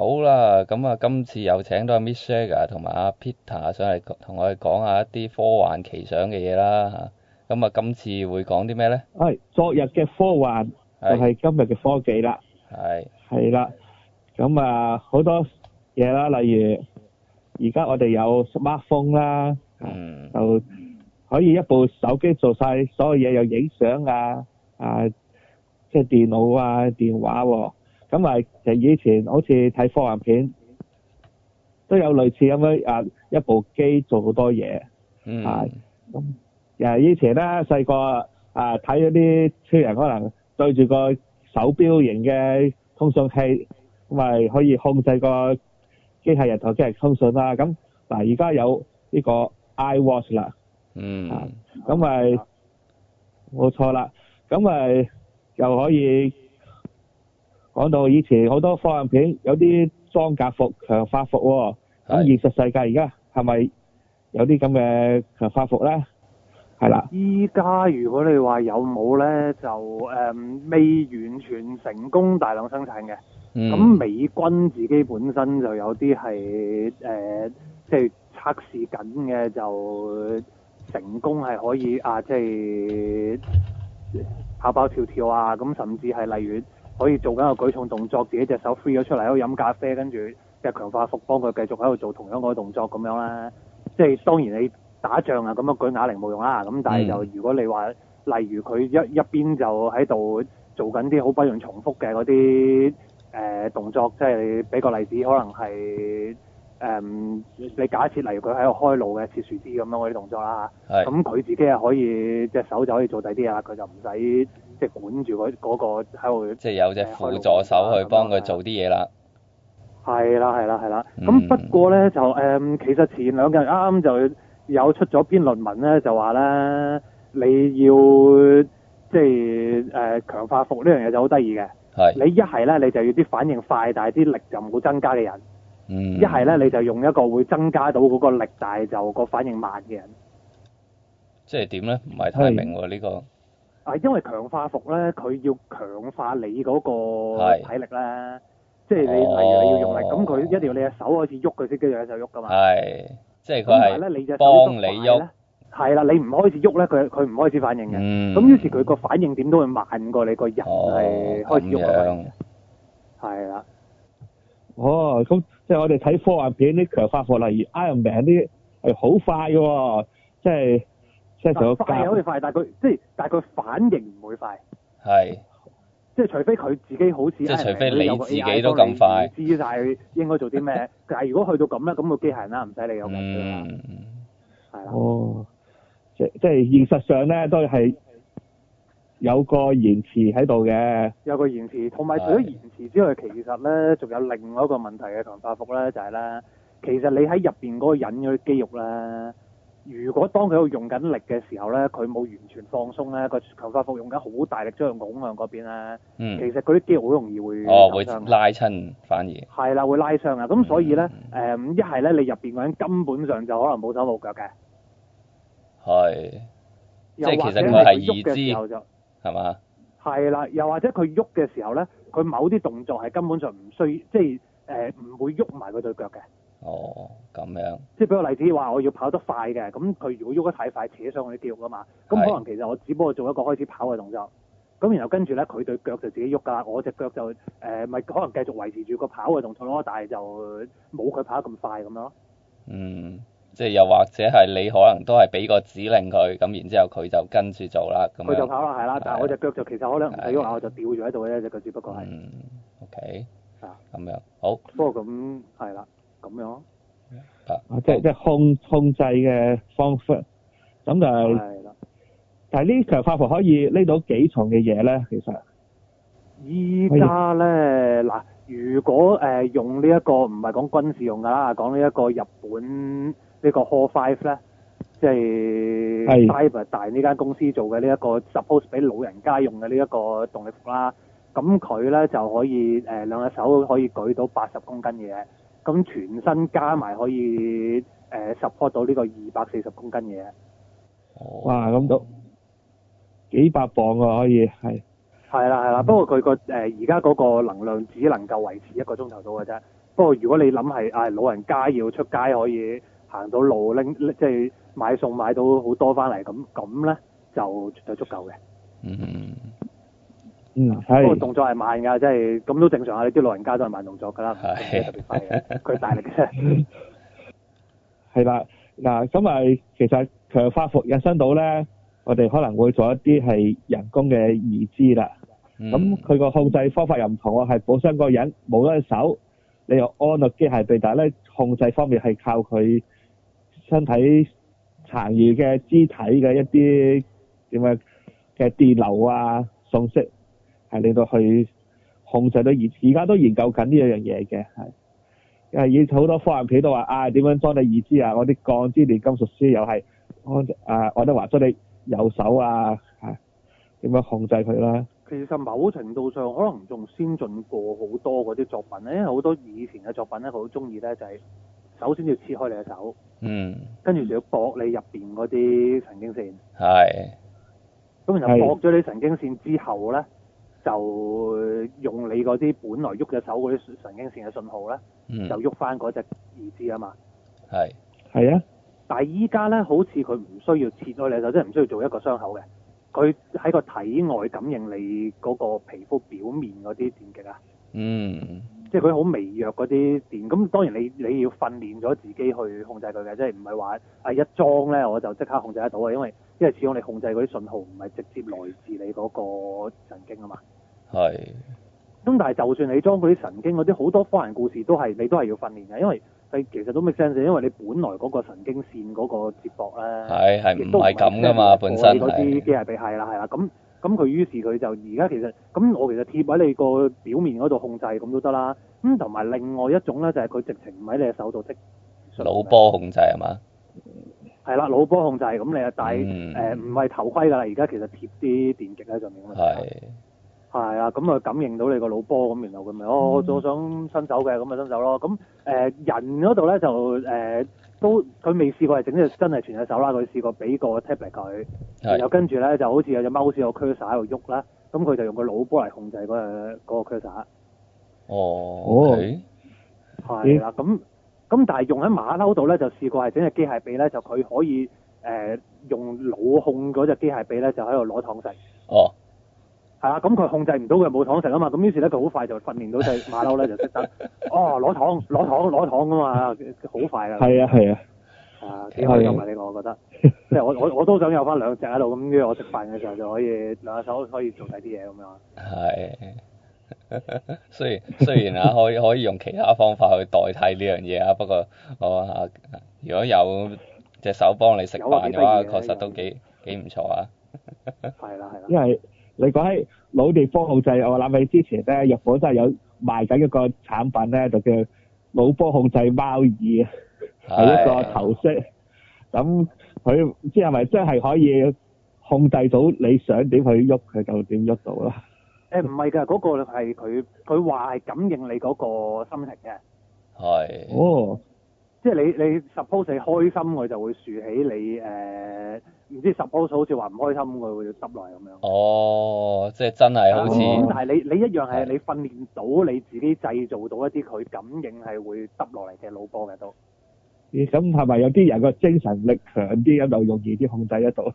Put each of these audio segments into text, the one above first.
好啦，咁啊，今次又請到阿 MythSearcher 同埋阿 Peter 上嚟同我哋講下一啲科幻奇想嘅嘢啦嚇。咁啊，今次會講啲咩咧？誒，昨日嘅科幻就係今日嘅科技啦。係。係啦。咁啊，好多嘢啦，例如而家我哋有 smartphone 啦，就可以一部手機做曬所有嘢，有影相啊，啊，即係電腦啊，電話喎。咁咪就以前好似睇科幻片，都有類似咁樣啊，一部機做好多嘢，嗯，咁誒以前咧細個啊，睇嗰啲超人，可能對住個手錶型嘅通訊器，咪可以控制個機械人同機械通訊啦。咁，嗱，而家有呢個 iWatch 啦，嗯，咁咪冇錯啦，咁咪又可以。講到以前好多科幻片有啲裝甲服、強化服，咁的現實世界而家係咪有啲咁嘅強化服呢？係啦，依家如果你話有冇呢，就誒、嗯、未完全成功大量生產嘅。咁、嗯、美軍自己本身就有啲係誒，即係測試緊嘅，就成功係可以啊，即係跑跑跳跳啊，咁甚至係例如。可以做緊個舉重動作，自己隻手 free 咗出嚟喺度飲咖啡，跟住隻強化服幫佢繼續喺度做同樣嗰啲動作咁樣啦。即係當然你打仗啊咁樣舉啞鈴冇用啦。咁但係就如果你話例如佢一一邊就喺度做緊啲好不用重複嘅嗰啲誒動作，即係你俾個例子，可能係誒、呃、你假設例如佢喺度開路嘅切樹枝咁樣嗰啲動作啦。咁佢是 自己係可以隻手就可以做第啲啊，佢就唔使。是即係管住嗰個喺度，即係有隻輔助手去幫佢做啲嘢啦。係啦，係啦，係啦。咁、嗯、不過咧就、嗯、其實前兩日啱啱就有出咗篇論文咧，就話咧你要即係誒強化服是呢樣嘢就好得意嘅。你一係咧，你就要啲反應快，但係啲力就唔好增加嘅人。嗯。一係咧，你就用一個會增加到嗰個力，大就個反應慢嘅人。即係點咧？唔係太明喎呢個。係因為強化服咧，佢要強化你嗰個體力咧，即係你例如你要用力，咁佢一定要你隻手開始喐佢先，跟住隻手喐㗎嘛。係，即係佢係幫你喐。係啦，你唔開始喐咧，佢佢唔開始反應嘅。嗯。咁於是佢個反應點都會慢過你個人係開始喐嘅。係啦。哦，咁即係我哋睇科幻片啲強化服例如 Iron Man 啲係好快嘅喎，即係。即係快有嘅快，但係佢即係但係佢反應唔會快。係是。即係除非佢自己好似，即係除非你自己有個你都咁快，知曬應該做啲咩？ 但係如果去到咁咧，咁、那個機械人啦，唔使你講嘅啦，係啦的。哦。即係即係現實上咧，都係有個延遲喺度嘅。有個延遲，同埋除咗延遲之外，是其實咧仲有另外一個問題嘅唐伯虎咧，就係、是、咧，其實你喺入邊嗰個人嗰啲肌肉咧。如果當佢喺度用緊力嘅時候咧，佢冇完全放鬆咧，個強化服用緊好大力將佢拱向嗰邊咧，其實嗰啲肌肉好容易會哦會拉親反而係啦，會拉傷啊！咁所以咧，誒一係咧，你入邊嗰個人根本上就可能冇手冇腳嘅，係即係其實佢係喐嘅時候就係嘛，係啦，又或者佢喐嘅時候咧，佢某啲動作係根本上唔需即係誒唔會喐埋佢對腳嘅。哦，咁樣，即係俾個例子，話我要跑得快嘅，咁佢如果喐得太快，扯上去啲肌肉噶嘛。咁可能其實我只不過做一個開始跑嘅動作，咁然後跟住咧，佢對腳就自己喐噶，我隻腳就誒，咪、呃、可能繼續維持住個跑嘅動作咯，但係就冇佢跑得咁快咁咯。嗯，即係又或者係你可能都係俾個指令佢，咁然之後佢就跟住做啦。咁佢就跑啦，係啦，的但係我隻腳就其實可能喐下，的我就掉咗喺度嘅隻腳，只不過係。嗯，OK。啊，咁樣好。不過咁係啦。咁樣啊，即即控控制嘅方法咁就係、係，的但係呢條強化服可以拎到幾重嘅嘢咧？其實依家咧嗱，呢的如果、呃、用呢、這、一個唔係講軍事用噶啦，講呢一個日本個5呢個 HAL Five 咧，即係 Cyberdyne 的大呢間公司做嘅呢一個 suppose 的俾老人家用嘅呢一個動力服啦，咁佢咧就可以誒兩隻手可以舉到八十公斤嘅嘢。咁全身加埋可以呃 support 到呢個二百四十公斤嘢。哇！咁都幾百磅啊，可以係。係啦係啦，嗯、不過佢、呃而家嗰個能量只能夠維持一個鐘頭到嘅啫。不過如果你諗係老人家要出街，可以行到路，拎即係買餸買到好多翻嚟咁咁咧，就絕對足夠嘅。嗯。嗯，嗰個動作係慢㗎，即係咁都正常啊！你啲老人家都係慢動作㗎啦，唔係是特佢 大力嘅，係啦嗱，咁啊，其實強化服引申到咧，我哋可能會做一啲係人工嘅移植啦。咁佢個控制方法又唔同，我係補傷嗰個人冇咗隻手，你又安個機械臂，但係咧控制方面係靠佢身體殘餘嘅肢體嘅一啲點樣嘅電流啊、訊息。送係令到去控制到意，而家都在研究緊呢一樣嘢嘅，係好多科研企都話啊，點樣裝你義肢啊？我啲鋼之鍊金術師又係安啊，愛德華裝你右手啊，係點樣控制佢啦？其實某程度上可能仲先進過好多嗰啲作品咧，因為好多以前嘅作品咧，佢好中意咧就係、是、首先要切開你嘅手，嗯，跟住就要駁你入邊嗰啲神經線，係是，咁然後駁咗你神經線之後咧。就用你嗰啲本來喐嘅手嗰啲神經線嘅信號咧，嗯、就喐翻嗰隻義肢啊嘛，係係啊，但係依家咧好似佢唔需要切咗你手，即係唔需要做一個傷口嘅，佢喺個體外感應你嗰個皮膚表面嗰啲電極啊，嗯，即係佢好微弱嗰啲電，咁當然你你要訓練咗自己去控制佢嘅，即係唔係話啊一裝咧我就即刻控制得到啊，因為因為始終你控制嗰啲信號唔係直接來自你嗰個神經啊嘛。係，咁是但係就算你裝嗰啲神經嗰啲，好多科幻故事都係你都係要訓練嘅，因為佢其實都 make sense，因為你本來嗰個神經綫嗰個接駁咧，係係唔係咁噶嘛，本身啲機械臂係啦係啦，咁咁佢於是佢的就而家其實咁我其實貼喺你個表面嗰度控制咁都得啦，咁同埋另外一種咧就係佢直情唔喺你嘅手度即腦波控制係嘛？係啦，腦波控制咁你啊戴誒唔係頭盔噶啦，而家其實貼啲電極喺上面咁係啊，咁啊，感應到你個腦波咁，然後佢咪、嗯、哦，我想伸手嘅，咁咪伸手咯。咁誒、呃、人嗰度咧就誒、呃、都佢未試過係整隻真係全隻手啦，佢試過俾個 tablet 嚟佢，然後跟住咧就好似有隻貓似個 cursor 喺度喐啦，咁佢就用個腦波嚟控制嗰、嗰個 cursor。哦，OK 係啦，咁咁但係用喺馬騮度咧就試過係整隻機械臂咧，就佢可以誒、呃、用腦控嗰隻機械臂咧就喺度攞糖食。哦。Oh. 係啊，咁佢控制唔到佢冇糖食啊嘛，咁於是咧佢好快就訓練到呢 隻馬騮咧就識得哦攞糖、攞糖、攞糖啊嘛，好快㗎。係啊係啊，係啊幾開心啊呢個，我覺得，即係、啊、我我我都想有返兩隻喺度，咁我食飯嘅時候就可以兩隻手可以做曬啲嘢咁樣、啊。係、啊。雖然雖然啊，可以可以用其他方法去代替呢樣嘢啊，不過我、啊、如果有隻手幫你食飯嘅話，確實都幾幾唔錯啊。係啦係啦。因為、啊。 你講起老地方控制，我諗起之前咧，日本真係有賣緊一個產品咧，就叫腦波控制貓耳，係一個頭飾。咁佢即係咪真係可以控制到你想點去喐，佢就點喐到啦？誒唔係㗎，嗰個係佢佢話係感應你嗰個心情嘅。係。哦。即係你你十 pose，開心佢就會豎起你誒，唔知十 pose 好似話唔開心佢會耷落嚟咁樣。哦，即係真係好似。咁但係你你一樣係你訓練到你自己製造到一啲佢感應係會耷落嚟嘅腦波嘅都。咁係咪有啲人個精神力強啲咁就容易啲控制得到咧？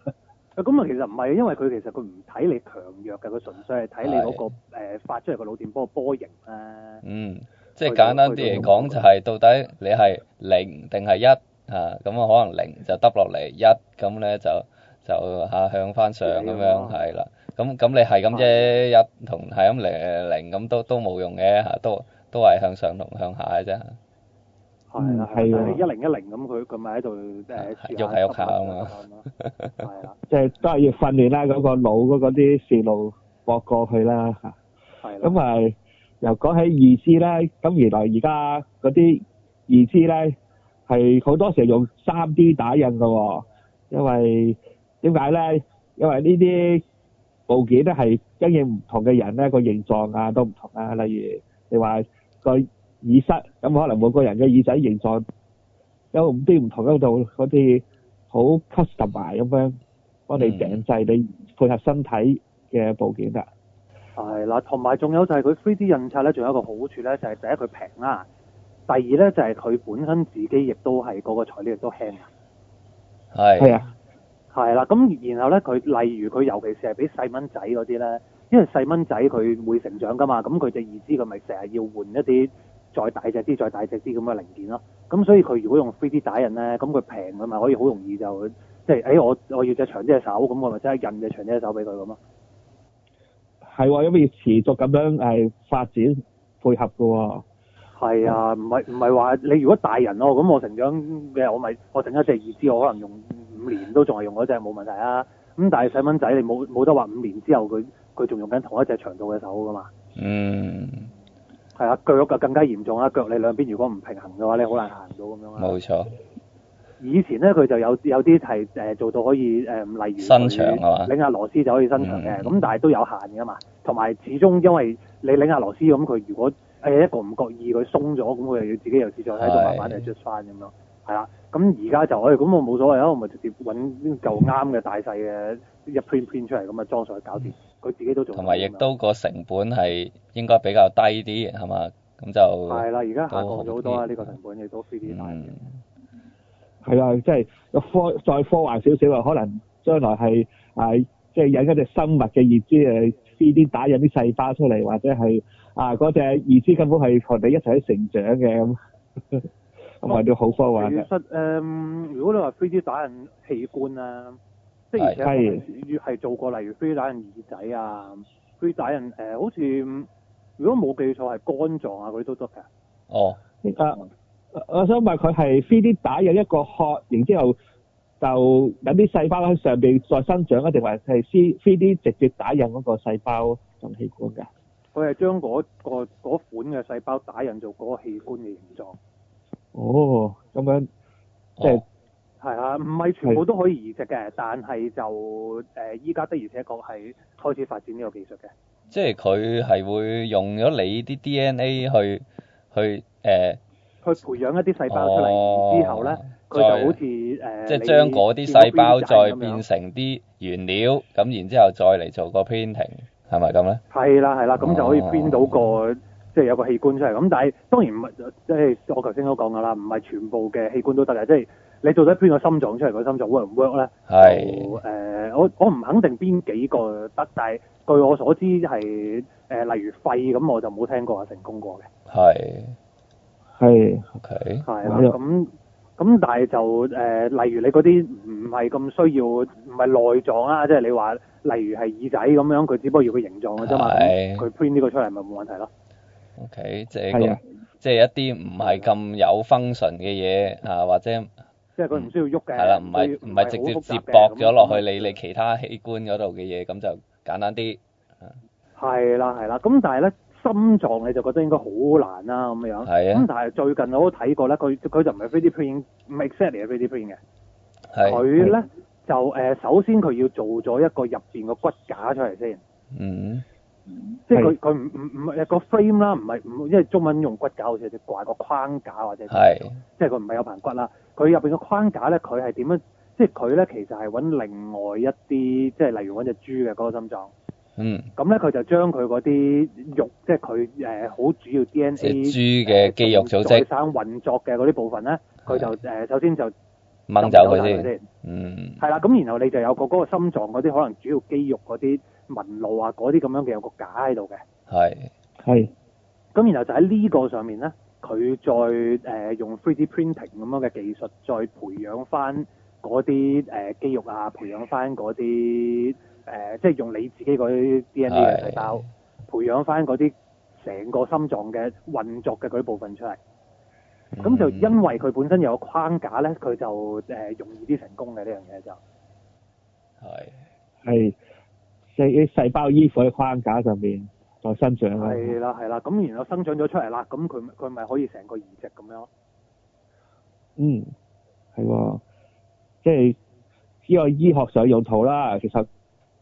啊咁啊，其實唔係，因為佢其實佢唔睇你強弱嘅，佢純粹係睇你嗰個誒發出嚟個腦電波波形啦。嗯。即係簡單啲嚟講，就係到底你係零定係一嚇，咁啊可能零就耷落嚟，一咁咧就就嚇向翻上咁樣係啦。咁咁你係咁啫，一同係咁零零咁都都冇用嘅嚇，都都係向上同向下嘅啫。係啦，係一零一零咁，佢佢咪喺度誒喐下喐下啊嘛。係啦，即係都係要訓練啦，嗰個腦嗰嗰啲線路駁過去啦嚇。係。咁咪？又講起義肢咧，咁原來而家嗰啲義肢咧係好多時用三 D 打印嘅喎，因為點解咧？因為呢啲部件咧係因應唔同嘅人咧個形狀啊都唔同啊。例如你話個耳塞，咁可能每個人嘅耳仔形狀有啲唔同，嗰度好似好 custom 化咁樣幫你訂製你配合身體嘅部件啊。係啦，同埋仲有就係佢 3D 印刷咧，仲有一個好處咧，就係第一佢平啦，第二咧就係佢本身自己亦都係嗰個材料亦都輕啊。係。係啊。係啦，咁然後咧，佢例如佢尤其是係俾細蚊仔嗰啲咧，因為細蚊仔佢會成長噶嘛，咁佢哋意思佢咪成日要換一啲再大隻啲、再大隻啲咁嘅零件咯。咁所以佢如果用 3D 打印咧，咁佢平佢咪可以好容易就即係、誒、我我要隻長隻手，咁我咪即係印隻長隻手俾佢咁咯。係喎，是因為要持續咁樣誒發展配合嘅喎、哦。係啊，唔係唔係話你如果大人咯、哦，咁我成長嘅我咪我整一隻義肢，我可能用五年都仲係用嗰隻冇問題啊。咁但係細蚊仔你冇冇得話五年之後佢佢仲用緊同一隻長度嘅手㗎嘛？嗯，係啊，腳就更加嚴重啊，腳你兩邊如果唔平衡嘅話，你好難行到咁樣啊。冇錯。以前咧佢就有有啲係、呃、做到可以誒、呃，例如伸長、啊、拎下螺絲就可以伸長嘅，咁、嗯、但係都有限噶嘛。同埋始終因為你拎下螺絲咁，佢如果誒、欸、一個唔覺意佢鬆咗，咁佢又要自己又試再喺度慢慢嚟出返。翻咁的樣。係啦，咁而家就可以。咁我冇所謂啊，我咪直接揾嚿啱嘅大細嘅一 print print 出嚟咁啊，裝上去搞掂。佢、嗯、自己都做。同埋亦都個成本係應該比較低啲，係嘛？咁就係啦，而家下降咗好多啊，呢、嗯、個成本亦都飛跌埋係啊，即係科再科幻少少啊，可能將來係啊、呃，即係引一隻生物嘅義肢誒 3D 打印啲細胞出嚟，或者係啊，嗰隻義肢根本係同你一齊成長嘅咁，係都好科幻嘅。其實如，、呃、如果你話 3D 打印器官啊，即係而越係做過，例如 3D 打印耳仔啊 3D 打印、呃、好似如果冇記錯係肝臟啊嗰啲都得嘅。哦，依家、啊。我想問佢係 3D 打印一個殼，然之後就有啲細胞喺上邊再生長啊？定係 3D 直接打印嗰個細胞同器官㗎？佢係將嗰、嗰個、款嘅細胞打印做嗰個器官嘅形狀。哦，咁樣即係係啊，唔係、哦即係、全部都可以移植嘅，係但係就誒依家的而且確係開始發展呢個技術嘅。即係佢係會用咗你啲 DNA 去去誒。呃去培養一啲細胞出嚟，之後咧，佢、哦、就好似誒，哦呃、即係將嗰啲細胞再變成啲原料，咁、嗯、然之後再嚟做個編程，係咪咁咧？係啦，係啦，咁就可以編到一個，哦、即係有個器官出嚟。咁但係當然唔係，即係我頭先都講噶啦，唔係全部嘅器官都得嘅，即係你做到底編個心臟出嚟個心臟會唔會 work 唔 work 咧？係是。誒、呃，我我唔肯定邊幾個得，但係據我所知係誒、呃，例如肺咁，我就冇聽過話成功過嘅。係。係，OK。係啦，咁咁，但係就誒，例如你嗰啲唔係咁需要，唔係內臟啊，即係你話，例如係耳仔咁樣，佢只不過要個形狀嘅啫嘛，佢 print 呢個出嚟咪冇問題咯。OK，即係咁，即係一啲唔係咁有 function 嘅嘢啊，或者即係佢唔需要喐嘅，係啦，唔係唔係直接接駁咗落去你你其他器官嗰度嘅嘢，咁就簡單啲。係啦，係啦，咁但係咧。心臟你就覺得應該好難啦、啊、咁樣，咁、啊嗯、但係最近我都睇過咧，佢佢就唔係 3D printing，唔係 exactly 嘅 3D printing 嘅，佢咧就、呃、首先佢要做咗一個入面個骨架出嚟先，嗯，即係佢佢唔唔唔誒個 frame 啦，唔係唔因為中文用骨架好似係啲掛個框架或者，係的，即係佢唔係有棚骨啦，佢入面個框架咧，佢係點樣？即係佢咧其實係揾另外一啲，即係例如揾隻豬嘅嗰、那個心臟。嗯，咁咧佢就將佢嗰啲肉，即係佢誒好主要 D N A、豬嘅肌肉組織生運作嘅嗰啲部分咧，佢的就、呃、首先就掹走佢先，嗯，係啦，咁然後你就有個嗰個心臟嗰啲可能主要肌肉嗰啲紋路啊，嗰啲咁樣嘅有個架喺度嘅，係係的，咁的然後就喺呢個上面咧，佢再誒、呃、用 three D printing 咁樣嘅技術再培養翻嗰啲肌肉啊，培養翻嗰啲。誒、呃，即係用你自己嗰啲 D N A 嘅細胞的培養翻嗰啲成個心臟嘅運作嘅嗰啲部分出嚟，咁、嗯、就因為佢本身有個框架咧，佢就誒、呃、容易啲成功嘅呢樣嘢就係係即細胞依附喺框架上邊再生長啦，係啦係啦，咁然後生長咗出嚟啦，咁佢佢咪可以成個移植咁樣？嗯，係即係呢個醫學上用途啦，其實。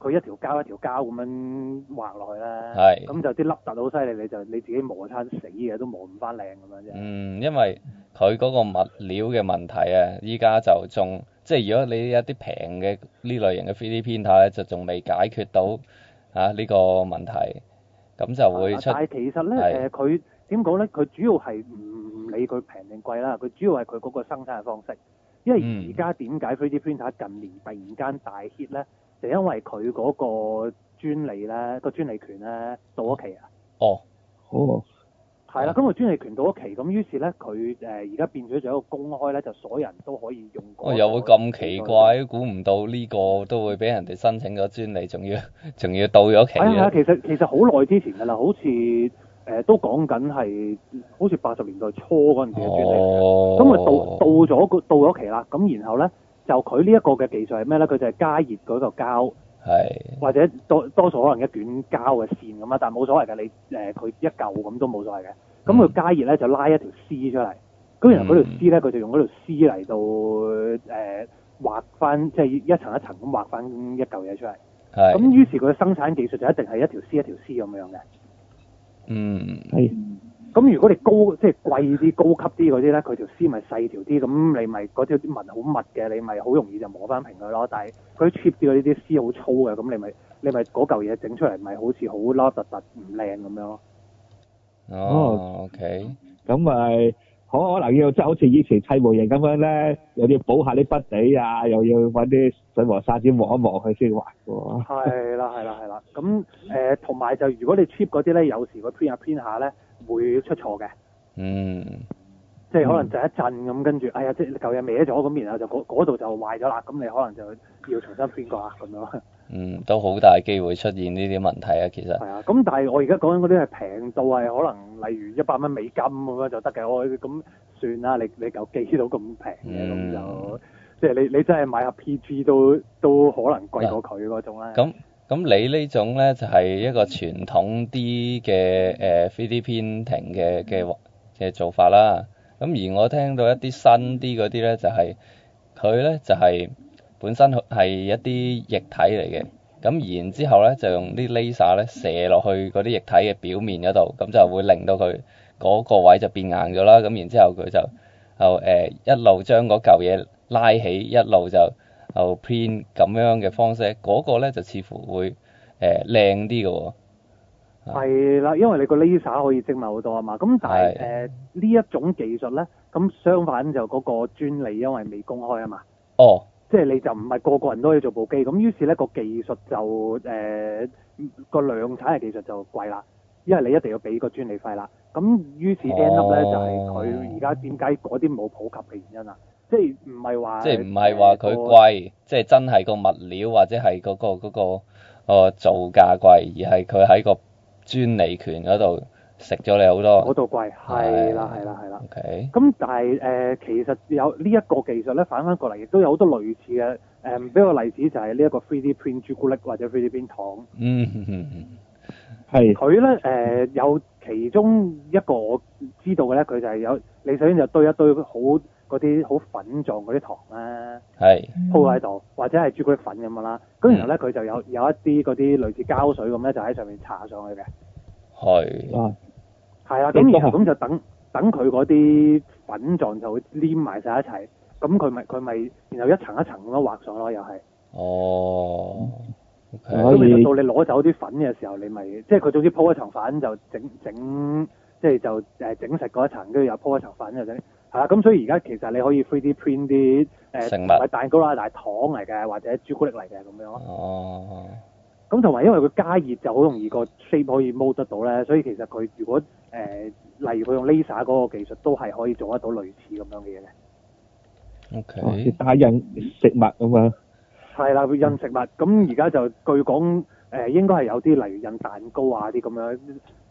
佢一條膠一條膠咁樣畫落去啦，咁是就啲凹凸好犀利，你就你自己磨擦死嘅都磨唔翻靚咁樣啫。嗯，因為佢嗰個物料嘅問題啊，依家就仲即係如果你一啲平嘅呢類型嘅 3D printer 咧，就仲未解決到啊呢、呢個問題，咁就會出。啊、但係其實咧，佢點講咧？佢、呃、主要係唔理佢平定貴啦，佢主要係佢嗰個生產嘅方式。因為而家點解 3D printer 近年突然間大 hit 咧？就因為佢嗰個專利咧，個專利權咧到咗期啊！哦、oh. oh. oh.，好，係啦，咁個專利權到咗期，咁於是咧，佢誒而家變咗做一個公開咧，就所有人都可以用過。哦，又會咁奇怪，估唔到呢個都會俾人哋申請咗專利，仲要仲要到咗期了。係啊，其實其實好耐之前噶啦，好似、呃、都講緊係，好似八十年代初嗰陣時嘅專利。哦。咁啊，到到咗個到咗期啦，咁然後咧。就佢呢一個嘅技術係咩咧？佢就係加熱嗰嚿膠，是或者多多數可能一卷膠嘅線咁啦。但係冇所謂嘅，你誒佢、呃、一舊咁都冇所謂嘅。咁佢加熱咧就拉一條絲出嚟，咁然後嗰條絲咧佢、嗯、就用嗰條絲嚟到誒、呃、畫翻，即係一層一層咁畫翻一嚿嘢出嚟。係咁是，於是佢嘅生產技術就一定係一條絲一條絲咁樣嘅。嗯，係。咁如果你高即係貴啲高級啲嗰啲咧，佢條絲咪細條啲，咁你咪嗰條啲紋好密嘅，你咪好容易就磨翻平佢咯。但係佢 cheap 啲嘅呢啲絲好粗嘅，咁你咪你咪嗰嚿嘢整出嚟咪好似好凹凸凸唔靚咁樣。哦，OK，咁咪可可能要即係好似以前砌模型咁樣咧，又要補下啲筆地啊，又要揾啲水磨砂紙磨一磨佢先還嘅喎。係啦，係啦，係啦。咁誒同埋就如果你 cheap 嗰啲咧，有時佢編下編下咧，會出錯嘅，嗯，即係可能就一陣咁，跟住，哎呀，即係嚿嘢歪咗，咁然後就嗰度就壞咗啦，咁你可能就要重新揀過啊咁樣。嗯，都好大機會出現呢啲問題啊，其實。係啊，咁但係我而家講緊嗰啲係平到係可能例如一百蚊美金咁樣就得嘅，我咁算啦，你你嚿寄到咁平嘅咁就，即係你你真係買一下 PG 都都可能貴過佢嗰種啦。嗯嗯。咁你種呢種咧就係、是、一個傳統啲嘅誒3 i p r i n t i n 嘅嘅嘅做法啦。咁而我聽到一啲新啲嗰啲咧就係佢咧就係、是、本身係一啲液體嚟嘅。咁然之後咧就用啲 laser 咧射落去嗰啲液體嘅表面嗰度，咁就會令到佢嗰個位就變硬咗啦。咁然之後佢就、呃、一路將嗰嚿嘢拉起，一路就。就偏咁樣嘅方式，嗰、那個咧就似乎會誒靚啲嘅喎。係、呃、啦，因為你個 laser 可以精密好多啊嘛。咁但係誒呢一種技術咧，咁相反就嗰個專利因為未公開啊嘛。哦。即係你就唔係個個人都可以做部機，咁於是咧個技術就誒個、呃、量產嘅技術就貴啦，因為你一定要俾個專利費啦。咁於是 end up 咧就係佢而家點解嗰啲冇普及嘅原因啊。即係唔係話，即係唔係話佢貴，即係真係個物料或者係嗰、那個嗰、那個哦、呃、造價貴，而係佢喺個專利權嗰度食咗你好多嗰度貴。係啦係啦係啦。OK，咁但係誒、呃，其實有呢一個技術咧，反翻過嚟亦都有好多類似嘅誒，比、呃、個例子就係呢一個 three D print 朱古力或者 three D print 糖。嗯嗯嗯，係、嗯。佢咧誒有其中一個我知道嘅咧，佢就係有你首先就堆一堆好。嗰啲好粉狀嗰啲糖咧、啊，係是鋪喺度，或者係朱古力粉咁嘛。啦、嗯。咁然後咧，佢就有有一啲嗰啲類似膠水咁咧，就喺上面搽上去嘅。係是哇啊，係啊，咁然後咁就等等佢嗰啲粉狀就會黏埋晒一齊。咁佢咪佢咪，然後一層一層咁樣畫上咯，又係。哦，咁、okay. 到你攞走啲粉嘅時候，你咪即係佢總之鋪一層粉就整整，即係就整實嗰一層，跟住又鋪一層粉啦，咁、啊、所以而家其實你可以 3D print 啲誒、呃、食物蛋糕啦，但係糖嚟嘅或者朱古力嚟嘅咁樣。哦。咁同埋因為佢加熱就好容易個 shape 可以 mold 得到咧，所以其實佢如果、呃、例如佢用 laser 嗰個技術都係可以做得到類似咁樣嘅嘢嘅。OK。啊、打印食物咁樣係啦，佢、嗯、印食物，咁而家就據講誒、呃、應該係有啲例如印蛋糕啊啲咁樣。誒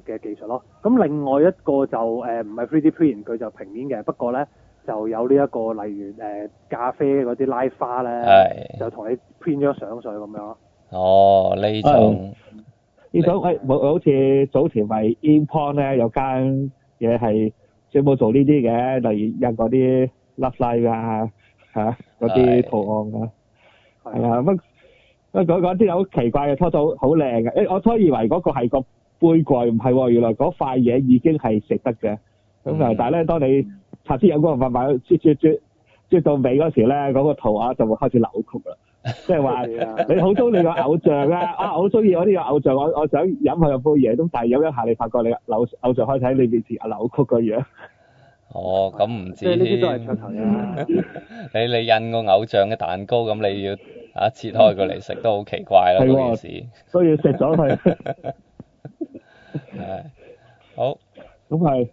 嘅、呃、技術咯，咁、嗯、另外一個就誒唔、呃、係 3D print，佢就平面嘅，不過咧就有呢、這、一個例如誒、呃、咖啡嗰啲拉花咧，是就同你 print 張相上去咁樣。哦，呢種呢是、嗯、種誒冇是、哎、好似早前咪 imprint 咧有間嘢係專門做呢啲嘅，例如印嗰啲拉花啊嚇嗰啲圖案啊。係是啊，乜乜嗰嗰啲好奇怪嘅初初好靚嘅，誒、哎、我初以為嗰個係個。杯蓋唔係喎，原來嗰塊嘢已經係食得嘅，咁啊、嗯！但係咧，當你拆啲飲過嘅物，埋啜啜啜啜到尾嗰時咧，嗰、那個圖啊就會開始扭曲啦，即係話你好中意個偶像啊，啊好中意我呢個偶像，我我想飲佢有杯嘢，咁但係飲一下你發覺你偶偶像開始喺你面前扭曲個樣。哦，咁唔知。呢啲 都係噱頭啫。 你你印個偶像嘅蛋糕，咁你要啊切開佢嚟食都好奇怪啦、啊，嗰件事。所以食咗佢。 係，好，咁係，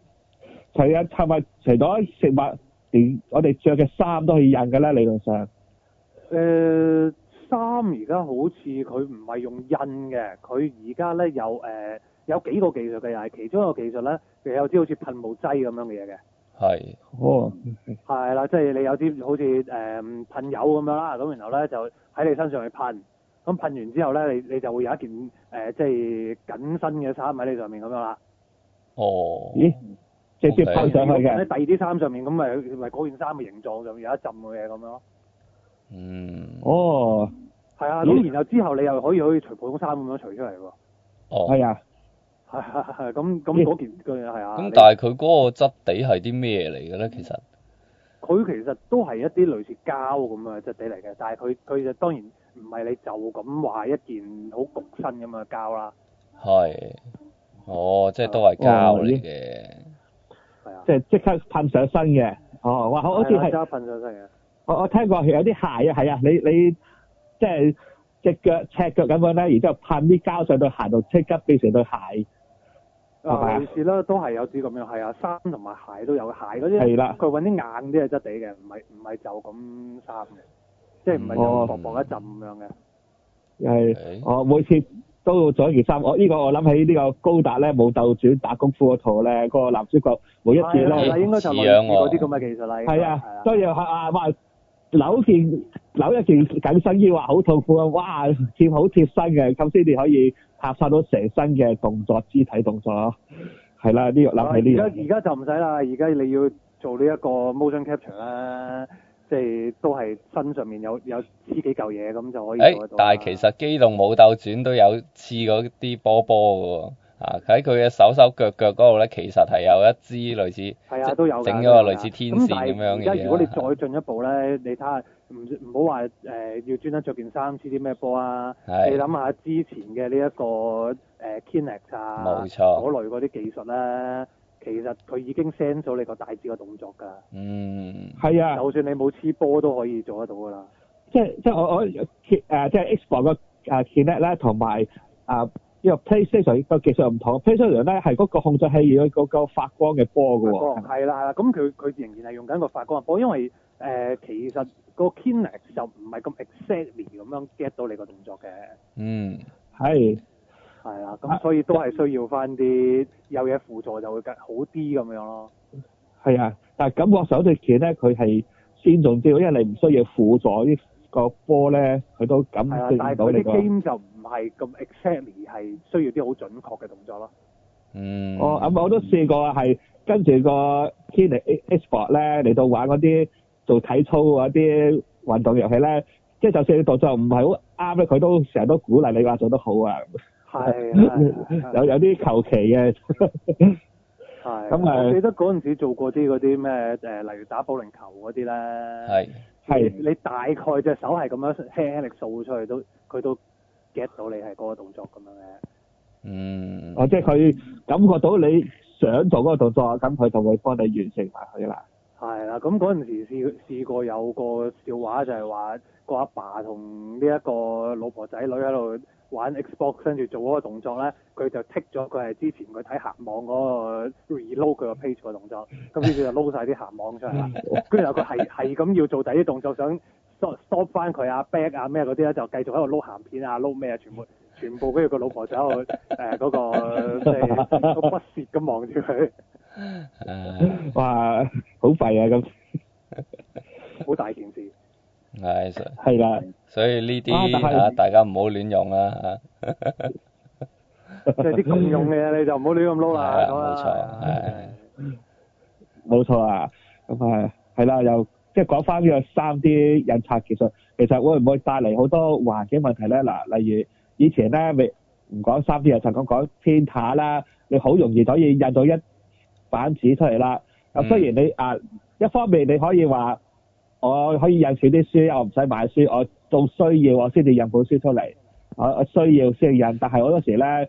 除啊，食物，除咗食物，連我哋着嘅衫都可以印噶啦，理論上。誒、呃，衫而家好似佢唔係用印嘅，佢而家咧有誒、呃、有幾個技術嘅，又係其中一個技術咧，譬如有啲好似噴霧劑咁樣嘅嘢嘅。係是。哦。係啦、嗯，即係、就是、你有啲好似誒、呃、噴油咁樣啦，咁然後咧就喺你身上去噴。咁噴完之後咧，你你就會有一件、呃、即係緊身嘅衫喺你上面咁樣啦。哦，oh. 咦，直接噴上去嘅，第二啲衫上面咁咪咪嗰件衫嘅形狀上面有一浸嘅嘢咁樣。嗯，哦，係啊，咁然後之後你又可以去除普通衫咁樣除出嚟喎。哦，係啊，係咁咁嗰件嘅係咦啊。咁但係佢嗰個質地係啲咩嚟嘅咧？其實佢其實都係一啲類似膠咁嘅質地嚟嘅，但係佢佢就當然。唔係你就咁話一件好焗身咁嘅膠啦。係。哦，即係都係膠嚟嘅。係啊。即係即刻噴上身嘅。哦，哇，好好似係。係啊，膠噴上身嘅。我我聽過有啲鞋啊，係啊，你你即係隻腳赤腳咁樣咧，然之後噴啲膠上到鞋度，即刻變成對鞋。啊，吧類似啦，都係有啲咁樣，係啊，衫同埋鞋都有，鞋嗰啲。係啦、啊。佢揾啲硬啲嘅質地嘅，唔係唔係就咁衫嘅。即係唔係咁薄薄一陣咁、嗯、樣嘅？係，我每次都要做一件衫。我、這、呢個我諗起呢個高達咧，冇鬥轉打功夫嗰套咧，嗰、那個男主角每一次咧，嗱的，嗯、應該就內嗰啲咁嘅技術嚟。係啊我，都要啊，的扭一件扭一件緊身衣話好痛苦啊！哇，貼好貼身嘅，咁先至可以拍晒到成身嘅動作、肢體動作。係啦，呢、這個諗、啊、起呢、這、樣、個。而家而家就唔使啦，而家你要做呢一個 motion capture 啦。即係都係身上面有有黐幾嚿嘢咁就可以。誒、欸，但係其實《機動武鬥傳》都有黐嗰啲波波嘅喎，啊喺佢嘅手手腳腳嗰度咧，其實係有一支類似係啊都有整咗個類似天線咁樣嘅。咁而家如果你再進一步咧，的你睇下唔唔好話誒要專登着件衫黐啲咩波啊？的你諗下之前嘅呢一個誒、呃、Kinect 啊，嗰錯類嗰啲技術咧。其實佢已經 send 咗你個大致嘅動作㗎。嗯，係啊。就算你冇黐波都可以做得到㗎啦。即係、呃、即係我我 k 即係 Xbox 嘅誒 Kinect 咧，同埋啊呢、呃呢個 PlayStation 個技術唔同。PlayStation 咧係嗰個控制器用嗰、嗰個發光嘅波㗎喎。哦光，係啦係啦。咁佢佢仍然係用緊個發光嘅波，因為誒、呃、其實嗰個 Kinect 就唔係咁 exactly 咁樣 get 到你個動作嘅。嗯，係。係啊，咁所以都係需要翻啲有嘢輔助就會更好啲咁樣咯。係啊，啊，但係感覺手對錢咧，佢係先重要，因為你唔需要輔助啲個波咧，佢都感唔到你個。但係啲 game 就唔係咁 exactly 係需要啲好準確嘅動作咯。嗯。哦、我咁我都試過係跟住個 Kinect Sports 咧嚟到玩嗰啲做體操嗰啲運動遊戲咧，即係就算你動作唔係好啱咧，佢都成日都鼓勵你話做得好啊。係， 有有啲求其嘅。係、 就是。咁啊，記得嗰陣時做過啲嗰啲咩誒，例如打保齡球嗰啲咧。係的。係，你大概隻手係咁樣輕力掃出去，都佢都 get 到你係嗰個動作咁樣嘅。嗯。 哦，即係佢感覺到你想做嗰個動作，咁佢 就會幫你完成埋佢啦。係啦，咁嗰陣時試試過有個笑話就是說，就係話個阿爸同呢一個老婆仔女喺度。玩 Xbox 跟住做嗰個動作咧，佢就剔咗佢係之前佢睇鹹網嗰、嗰個 reload 佢個 page 嘅動作，咁於是就 load 晒啲鹹網出嚟啦。跟住又佢係係咁要做第一動作，想 stop stop 翻佢啊 back 啊咩嗰啲咧，就繼續喺度 load 鹹片啊 load 咩啊，全部全部，跟住個老婆就喺度誒嗰個即係好不屑咁望住佢，誒 哇，好廢啊咁，好 大件事。係，係啦，所以呢啲大家唔好亂用啦，即係啲共用嘅，你就唔好亂咁撈啦，冇錯，係，冇錯啊，咁啊，係啦，又即係講翻呢個三 D 印刷技術，其實會唔會帶嚟好多環境問題咧？嗱，例如以前咧未唔講三 D 就刷，我講天 r 啦，你好容易可以印到一版紙出嚟啦。啊，然你啊一方面你可以話。我可以印住啲書，我唔使買書，我做需要我先至印本書出嚟。我我需要先印，但係好多時咧，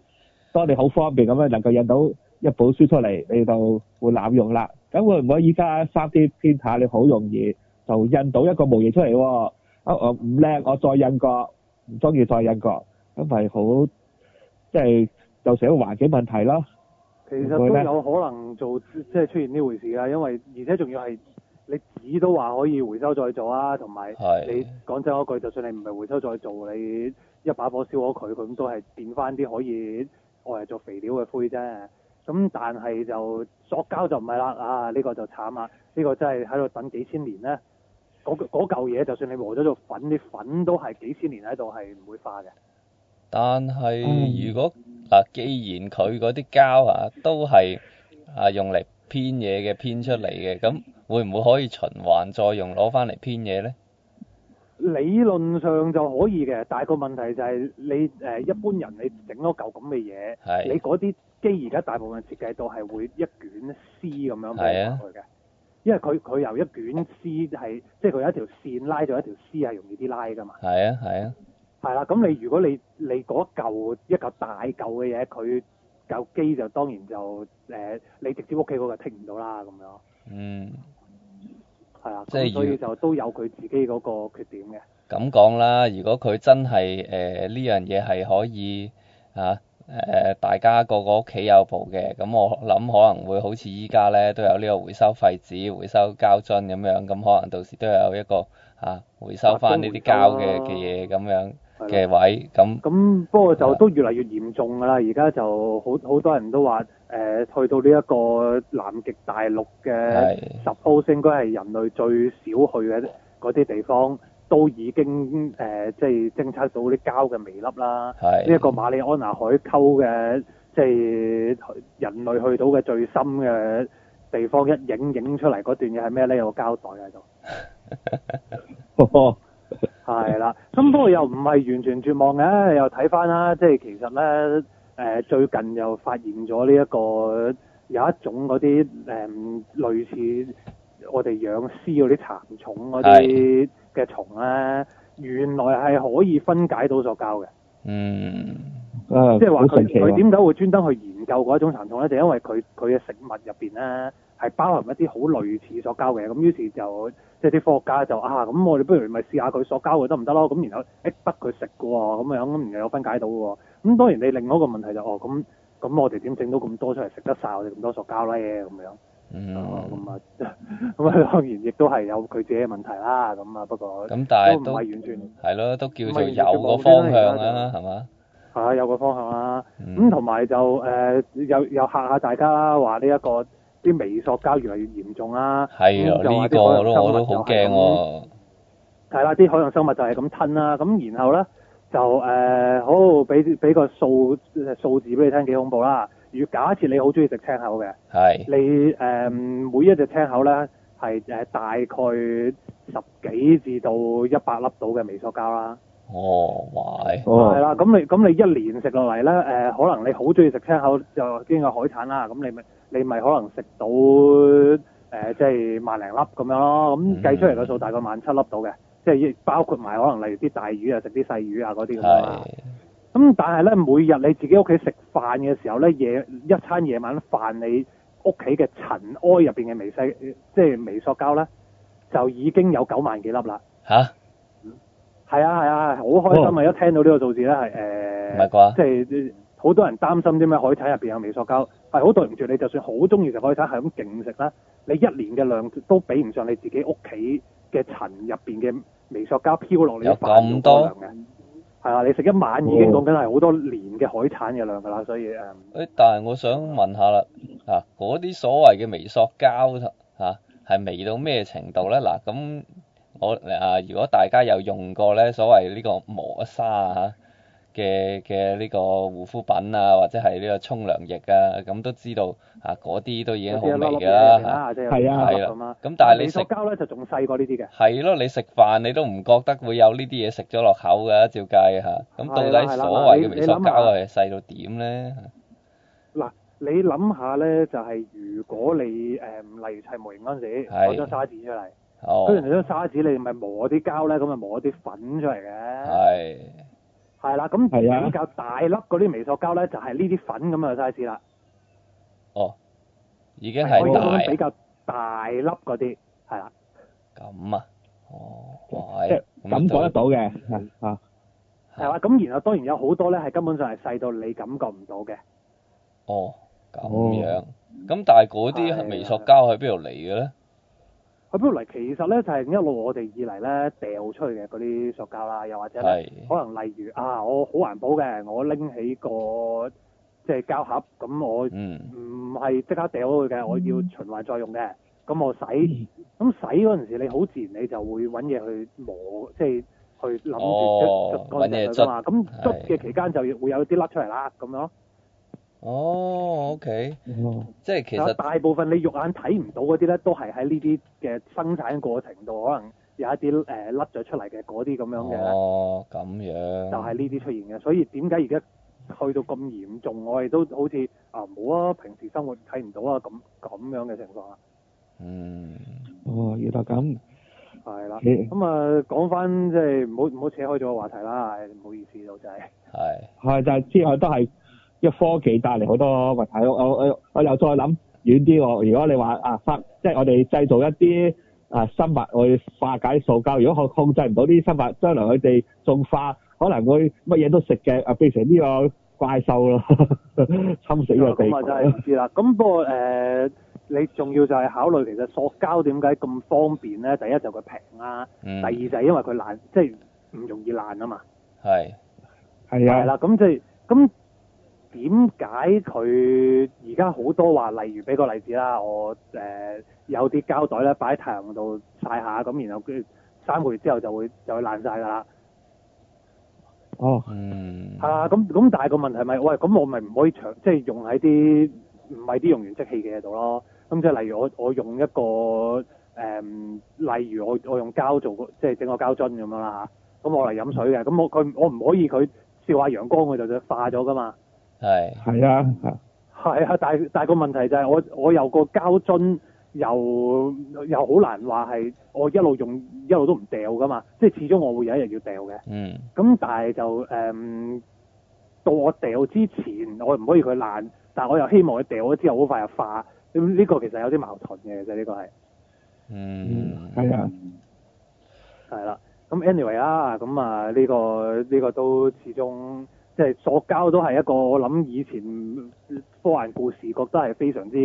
當你好方便咁樣能夠印到一本書出嚟，你就會濫用啦。咁會唔會依家三 D printer 你好容易就印到一個模型出嚟，啊？我我唔叻，我再印個唔中意再印個，咁咪好即係造成、就是、環境問題咯。其實都有可能做即係出現呢回事啦，因為而且仲要係。你紙都話可以回收再做啊，同埋你講真嗰句，就算你唔係回收再做，你一把火燒咗佢，佢咁都係變翻啲可以用嚟做肥料嘅灰啫。咁但係就塑膠就唔係啦，啊呢、這個就慘啦，呢、這個真係喺度等幾千年咧。嗰嚿嘢，就算你磨咗做粉，啲粉都係幾千年喺度係唔會化嘅。但係如果、嗯、既然佢嗰啲膠啊都係啊用嚟編嘢嘅編出嚟嘅咁。會唔會可以循環再用攞翻嚟編嘢咧？理論上就可以嘅，但係個問題就係你誒、呃，一般人你整咗嚿咁嘅嘢，啊、你嗰啲機而家大部分設計到係會一卷絲咁樣係啊，俾落去嘅，因為佢佢由一卷絲係，即係佢有一條線拉咗一條絲係容易啲拉噶嘛。係啊係啊。係啦、啊、咁、啊、你如果你你嗰嚿一嚿大嚿嘅嘢，佢嚿機就當然就誒、呃，你直接屋企嗰個聽唔到啦咁樣。嗯。係啊，即係所以就都有佢自己嗰個缺點嘅。咁講啦，如果佢真係誒呢樣嘢係可以嚇誒、呃、大家個個屋企有部嘅，咁我諗可能會好似依家咧都有呢個回收廢紙回收膠樽咁樣，咁可能到時都有一個啊回收翻呢啲膠嘅嘅嘢咁樣嘅的位咁。咁不過就都越嚟越嚴重㗎啦，而家的就好好多人都話。誒去到呢一個南極大陸嘅十歐星，的應該係人類最少去嘅嗰啲地方，都已經誒即係偵測到啲膠嘅微粒啦。係呢一個馬里安娜海溝嘅，即係人類去到嘅最深嘅地方一影影出嚟嗰段嘢係咩咧？有個膠袋喺度。哦，係啦。咁不過又唔係完全絕望嘅，又睇翻啦。即係其實咧。誒最近又發現咗呢一個有一種嗰啲誒類似我哋養絲嗰啲蠶蟲嗰啲嘅蟲咧，原來係可以分解到塑膠嘅。嗯，啊，即係話佢佢點解會專登去研究嗰一種蠶蟲咧？就是、因為佢佢嘅食物入邊咧。係包含一啲好類似塑膠嘅，咁於是就即係啲科學家就啊，咁我哋不如咪試下佢塑膠嘅得唔得咯？咁然後一噏佢食嘅喎，咁樣咁然後有分解到喎，咁當然你另外一個問題就哦咁咁我哋點整到咁多出嚟食得晒，我哋咁多塑膠咧？咁樣哦，咁啊咁啊，當然亦都係有佢自己嘅問題啦，咁啊不過咁但係也都唔係完全係咯，都叫做有個方向啦、啊，係嘛？係啊，有個方向啦、啊，咁同埋就誒又又嚇下大家啦，話呢一個。啲微塑膠越嚟越嚴重、啊、啦，係啊，呢個我都我都好驚喎。係啦，啲海洋生物就係咁吞啦、啊，咁然後咧就誒、呃、好，俾俾個數數字俾你聽，幾恐怖啦！如果假設你好中意食青口嘅，係是你誒、呃、每一隻青口咧係大概十幾至到一百粒到嘅微塑膠啦。哦，哇！係啦，咁你咁你一年食落嚟咧可能你好中意食青口，就經過海產啦，咁你咪～你咪可能食到、呃、即係萬零粒咁樣咯。咁計出嚟嘅數大概萬、嗯、七粒到嘅，即係包括埋可能例如啲大魚啊、食啲細魚啊嗰啲咁樣啦。咁但係咧，每日你自己屋企食飯嘅時候咧，夜一餐夜晚飯，你屋企嘅塵埃入邊嘅微細，即係微塑膠咧，就已經有九萬幾粒啦。係啊係啊，好、嗯啊啊、開心啊！哦、一聽到個呢個數字咧，係、呃、唔係啩、即係。好多人擔心啲咩海產入邊有微塑膠，係好對唔住你，就算好中意食海產，係咁勁食啦，你一年嘅量都比唔上你自己屋企嘅塵入邊嘅微塑膠飄落嚟有咁多係啊！你食一晚已經講緊係好多年嘅海產嘅量㗎啦，所以、嗯、但係我想問下啦，嗰啲所謂嘅微塑膠係、吓、微到咩程度咧？嗱、啊，咁我啊，如果大家有用過咧，所謂呢個磨砂啊嘅嘅呢個護膚品啊，或者係呢個沖涼液啊，咁都知道啊嗰啲都已經好微㗎啦。係啊，係啦。咁、啊、但係你食微膠咧，就仲細過呢啲嘅。係咯、啊，你食飯你都唔覺得會有呢啲嘢食咗落口㗎、啊，照計嚇。咁、啊、到底所謂嘅微膠係細到點咧？嗱、啊啊啊，你諗下咧，就係、是、如果你誒、呃、例如砌模型嗰陣時攞、啊、張砂紙出嚟，哦、雖然係張砂紙，你咪磨啲膠咧，咁咪磨啲粉出嚟嘅。係、啊。係啦，咁比較大粒嗰啲微塑膠咧，就係呢啲粉咁嘅 size 啦。哦，已經係大比較大粒嗰啲，係啦。咁啊，哦，即係感覺得到嘅，啊，係啦。咁然後當然有好多咧，係根本上係細到你感覺唔到嘅。哦，咁樣，咁但係嗰啲微塑膠喺邊度嚟嘅咧？佢不如嚟，其實咧就係、是、一路我哋以嚟咧掉出去嘅嗰啲塑膠啦，又或者是可能例如啊，我好環保嘅，我拎起個即係、就是、膠盒，咁我唔係即刻掉咗佢嘅，嗯、我要循環再用嘅。咁我洗咁、嗯、洗嗰陣時，你好自然你就會揾嘢去磨，即、就、係、是、去諗住捽乾淨佢㗎嘛。咁捽嘅期間就會有啲甩出嚟啦，咁的樣。哦、oh，OK，mm hmm。即係其實大部分你肉眼睇唔到嗰啲咧，都係喺呢啲嘅生產過程度，可能有一啲誒甩咗出嚟嘅嗰啲咁樣嘅。哦、oh，咁樣就係呢啲出現嘅，所以點解而家去到咁嚴重，我哋都好似啊冇啊，平時生活睇唔到啊，咁咁樣嘅情況啊。嗯，哦，要得咁。係啦了，咁啊是，講返即係唔好唔好扯開咗個話題啦，唔好意思老仔。係。係是，就係之後都係。一科技帶嚟好多問題。我我我我又再諗遠啲。如果你話啊發，即係我哋製造一啲啊生物去化解塑膠。如果我控制唔到啲生物，將來佢哋仲化可能會乜嘢都食嘅啊，變成呢個怪獸咯，侵蝕個地球。咁啊真係唔知啦。咁不過誒，你仲要就係考慮其實塑膠點解咁方便咧？第一就佢平啊，第二就係因為佢爛，即係唔容易爛啊嘛。係係啊。係啦，咁即係咁。點解佢而家好多話？例如，俾個例子啦，我誒、呃、有啲膠袋咧，擺喺太陽度曬下，咁然後佢三個月之後就會就會爛晒噶啦。哦，嗯，係啊，咁咁，但係個問題係咪？喂，咁我咪唔可以長即係用喺啲唔係啲用完即棄嘅嘢度咯？咁即係例如我我用一個誒、呃，例如我我用膠做即係整個膠樽咁樣啦，咁我嚟飲水嘅，咁、嗯、我佢我唔可以佢照下陽光佢就化咗噶嘛？係係啊，係啊，但係但係個問題就係我我有個膠樽又又好難話係我一路用一路都唔掉噶嘛，即係始終我會有一日要掉嘅。嗯。咁但係就誒，到我掉之前，我唔可以佢爛，但我又希望佢掉咗之後好快又化。咁呢個其實有啲矛盾嘅，其實呢個係。嗯，係啊，係啦。咁 anyway 啦，咁啊呢個呢個都始終。即係塑膠都係一個我諗以前科幻故事覺得係非常之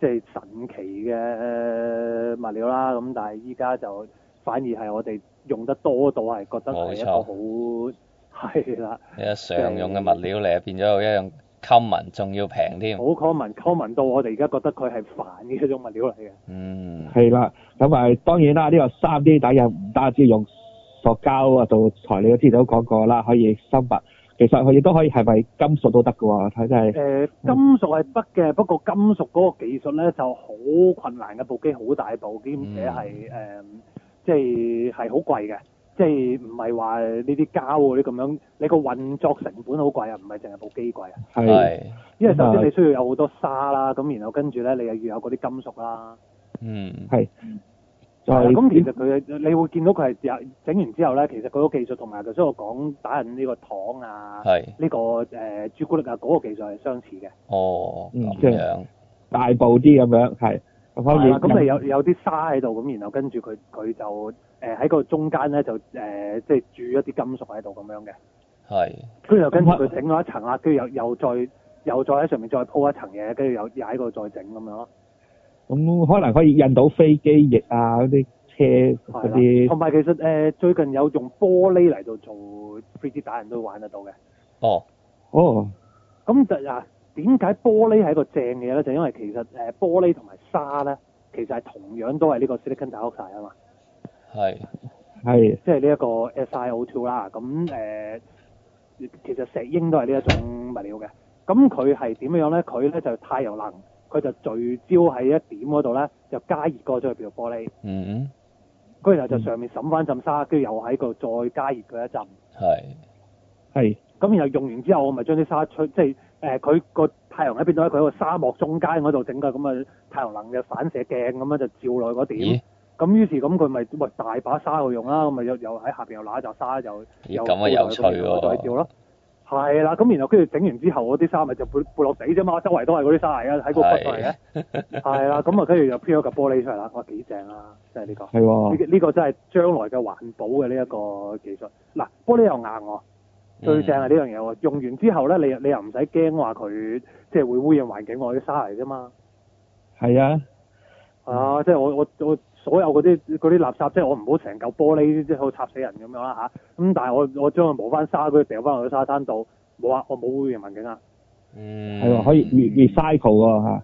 即係、就是、神奇嘅物料啦。咁但係依家就反而係我哋用得多到係覺得係一個好，係冇錯啦。呢個常用嘅物料嚟，變咗一樣，common 仲要平添。好 common，common 到我哋而家覺得佢係煩嘅一種物料嚟嘅。嗯，係啦。咁啊，當然啦，呢、這個 3D 打印唔單止用塑膠啊做材料，之前都講過啦，可以收物。其實佢亦都可以係咪金屬都得㗎喎，睇真係。誒，金屬係得嘅，嗯、不過金屬嗰個技術咧就好困難嘅，部機好大部，兼且係誒，即係係好貴嘅，即係唔係話呢啲膠喎，啲咁樣，你個運作成本好貴啊，唔係淨係部機貴啊。係。因為首先你需要有好多沙啦，咁然後跟住咧，你又要有嗰啲金屬啦。嗯。係。咁其實佢你會見到佢係整完之後咧，其實嗰個技術同埋頭先我講打印呢個糖啊，呢是、這個誒朱古力啊嗰，那個技術係相似嘅。哦，嗯，即係大步啲咁樣，係。咁方面，啊。咁你有人有啲沙喺度，咁然後跟住佢佢就誒喺，呃、個中間咧就誒即係住一啲金屬喺度咁樣嘅。係是。跟住又跟住佢整咗一層啊，跟住又又再又再喺上面再鋪一層嘢，跟住又又喺個再整咁樣咯。咁可能可以印到飛機翼啊，嗰啲車嗰啲。同埋其實誒、呃、最近有用玻璃嚟到做 3D 打印都玩得到嘅。哦，哦。咁啊點解玻璃係一個正嘢咧？就因為其實、呃、玻璃同埋沙咧，其實同樣都係呢個 silicon dioxide 啊嘛。係是，係的。即係呢一個 SiO2 啦。咁誒、呃，其實石英都係呢一種物料嘅。咁佢係點樣咧？佢咧就太陽能。佢就聚焦喺一點嗰度咧，就加熱咗入邊個玻璃。嗯嗯。咁然後就上面審翻浸沙，跟住、嗯、又喺度再加熱佢一陣。係。係。咁然後用完之後，我咪將啲沙出，即係誒佢個太陽喺邊度咧？佢喺個沙漠中間嗰度整㗎，咁嘅太陽能嘅反射鏡咁樣就照落嗰點。咁於咦是咁佢咪喂大把沙去用啦，咁咪又在面又喺下邊又攞一拃沙又。咦、啊？咁啊有趣喎、哦。再照咯。係啦，咁然後跟住整完之後，嗰啲沙咪就背背落地啫嘛，周圍都係嗰啲沙嚟嘅，喺嗰骨度嚟嘅，係啦的，咁啊跟住又飄咗個玻璃出嚟啦，哇幾正啊，真係呢個，係呢呢個真係將來嘅環保嘅呢一個技術，嗱玻璃又硬喎、啊，最正係呢樣嘢喎，嗯、用完之後咧，你你又唔使驚話佢即係會污染環境喎，啲沙嚟啫嘛，係啊，啊即係我我我。我我所有嗰啲啲垃圾，即係我唔好成嚿玻璃，即係好插死人咁樣啦嚇。咁、啊、但係我我將佢磨翻沙，佢掉翻落去沙灘度，冇啊，我冇污染環境啊。嗯，係喎、啊，可以 recycle 喎嚇。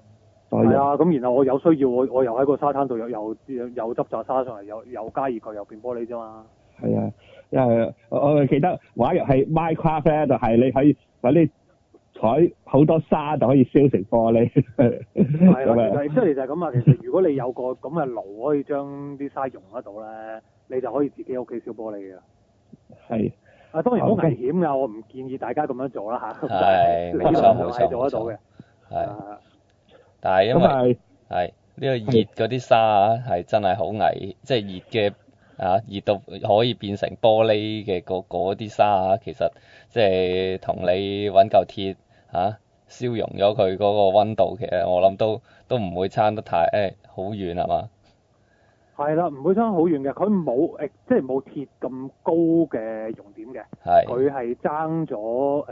係啊，咁、啊、然後我有需要，我我又喺個沙灘度又又又，又執咗沙上嚟，又又加熱佢，又變玻璃啫嘛。係啊，因為、啊、我記得話入係 Minecraft 咧，就係你可以揾海好多沙就可以燒成玻璃。係啊，出嚟就係咁啊。其實如果你有個咁嘅爐，可以將啲沙融得到咧，你就可以自己屋企燒玻璃嘅。係。啊，當然好危險㗎，Okay. 我唔建議大家咁樣做啦嚇。係、啊，唔好喺度做嘅。係。係啊、但係因為係呢、呢個熱嗰啲沙啊，係真係好危，即係熱嘅啊，熱到可以變成玻璃嘅嗰啲沙啊，其實即係同你揾嚿鐵。嚇，消、啊、融咗佢嗰個溫度，其實我諗都都唔會差得太誒好、哎、遠係嘛？係啦，唔會差好遠嘅，佢冇，即係冇鐵咁高嘅熔點嘅。係的。佢係爭咗誒，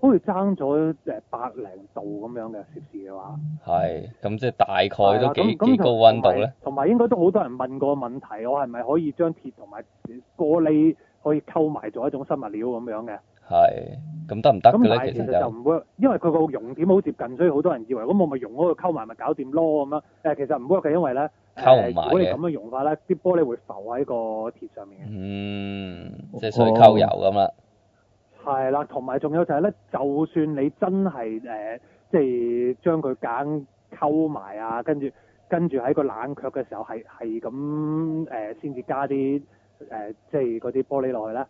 好似爭咗誒百零度咁樣嘅攝氏嘅話。係。咁即係大概都幾，幾高溫度咧？同埋應該都好多人問過問題，我係咪可以將鐵同埋玻璃可以溝埋咗一種新物料咁樣嘅？係，咁得唔得？咁其實就唔會，因為佢個熔點好接近，所以好多人以為，咁我咪熔嗰個溝埋咪搞掂咯咁啊？誒，其實唔 work 嘅，因為咧，溝埋嘅。如果你咁樣融化咧，啲玻璃會浮喺個鐵上面嘅。嗯，即係水溝油咁啦。係啦、哦，同埋仲有就係咧，就算你真係誒、呃，即係將佢揀溝埋啊，跟住跟住喺個冷卻嘅時候係係咁誒，先至、呃、加啲誒、呃，即係嗰啲玻璃落去咧。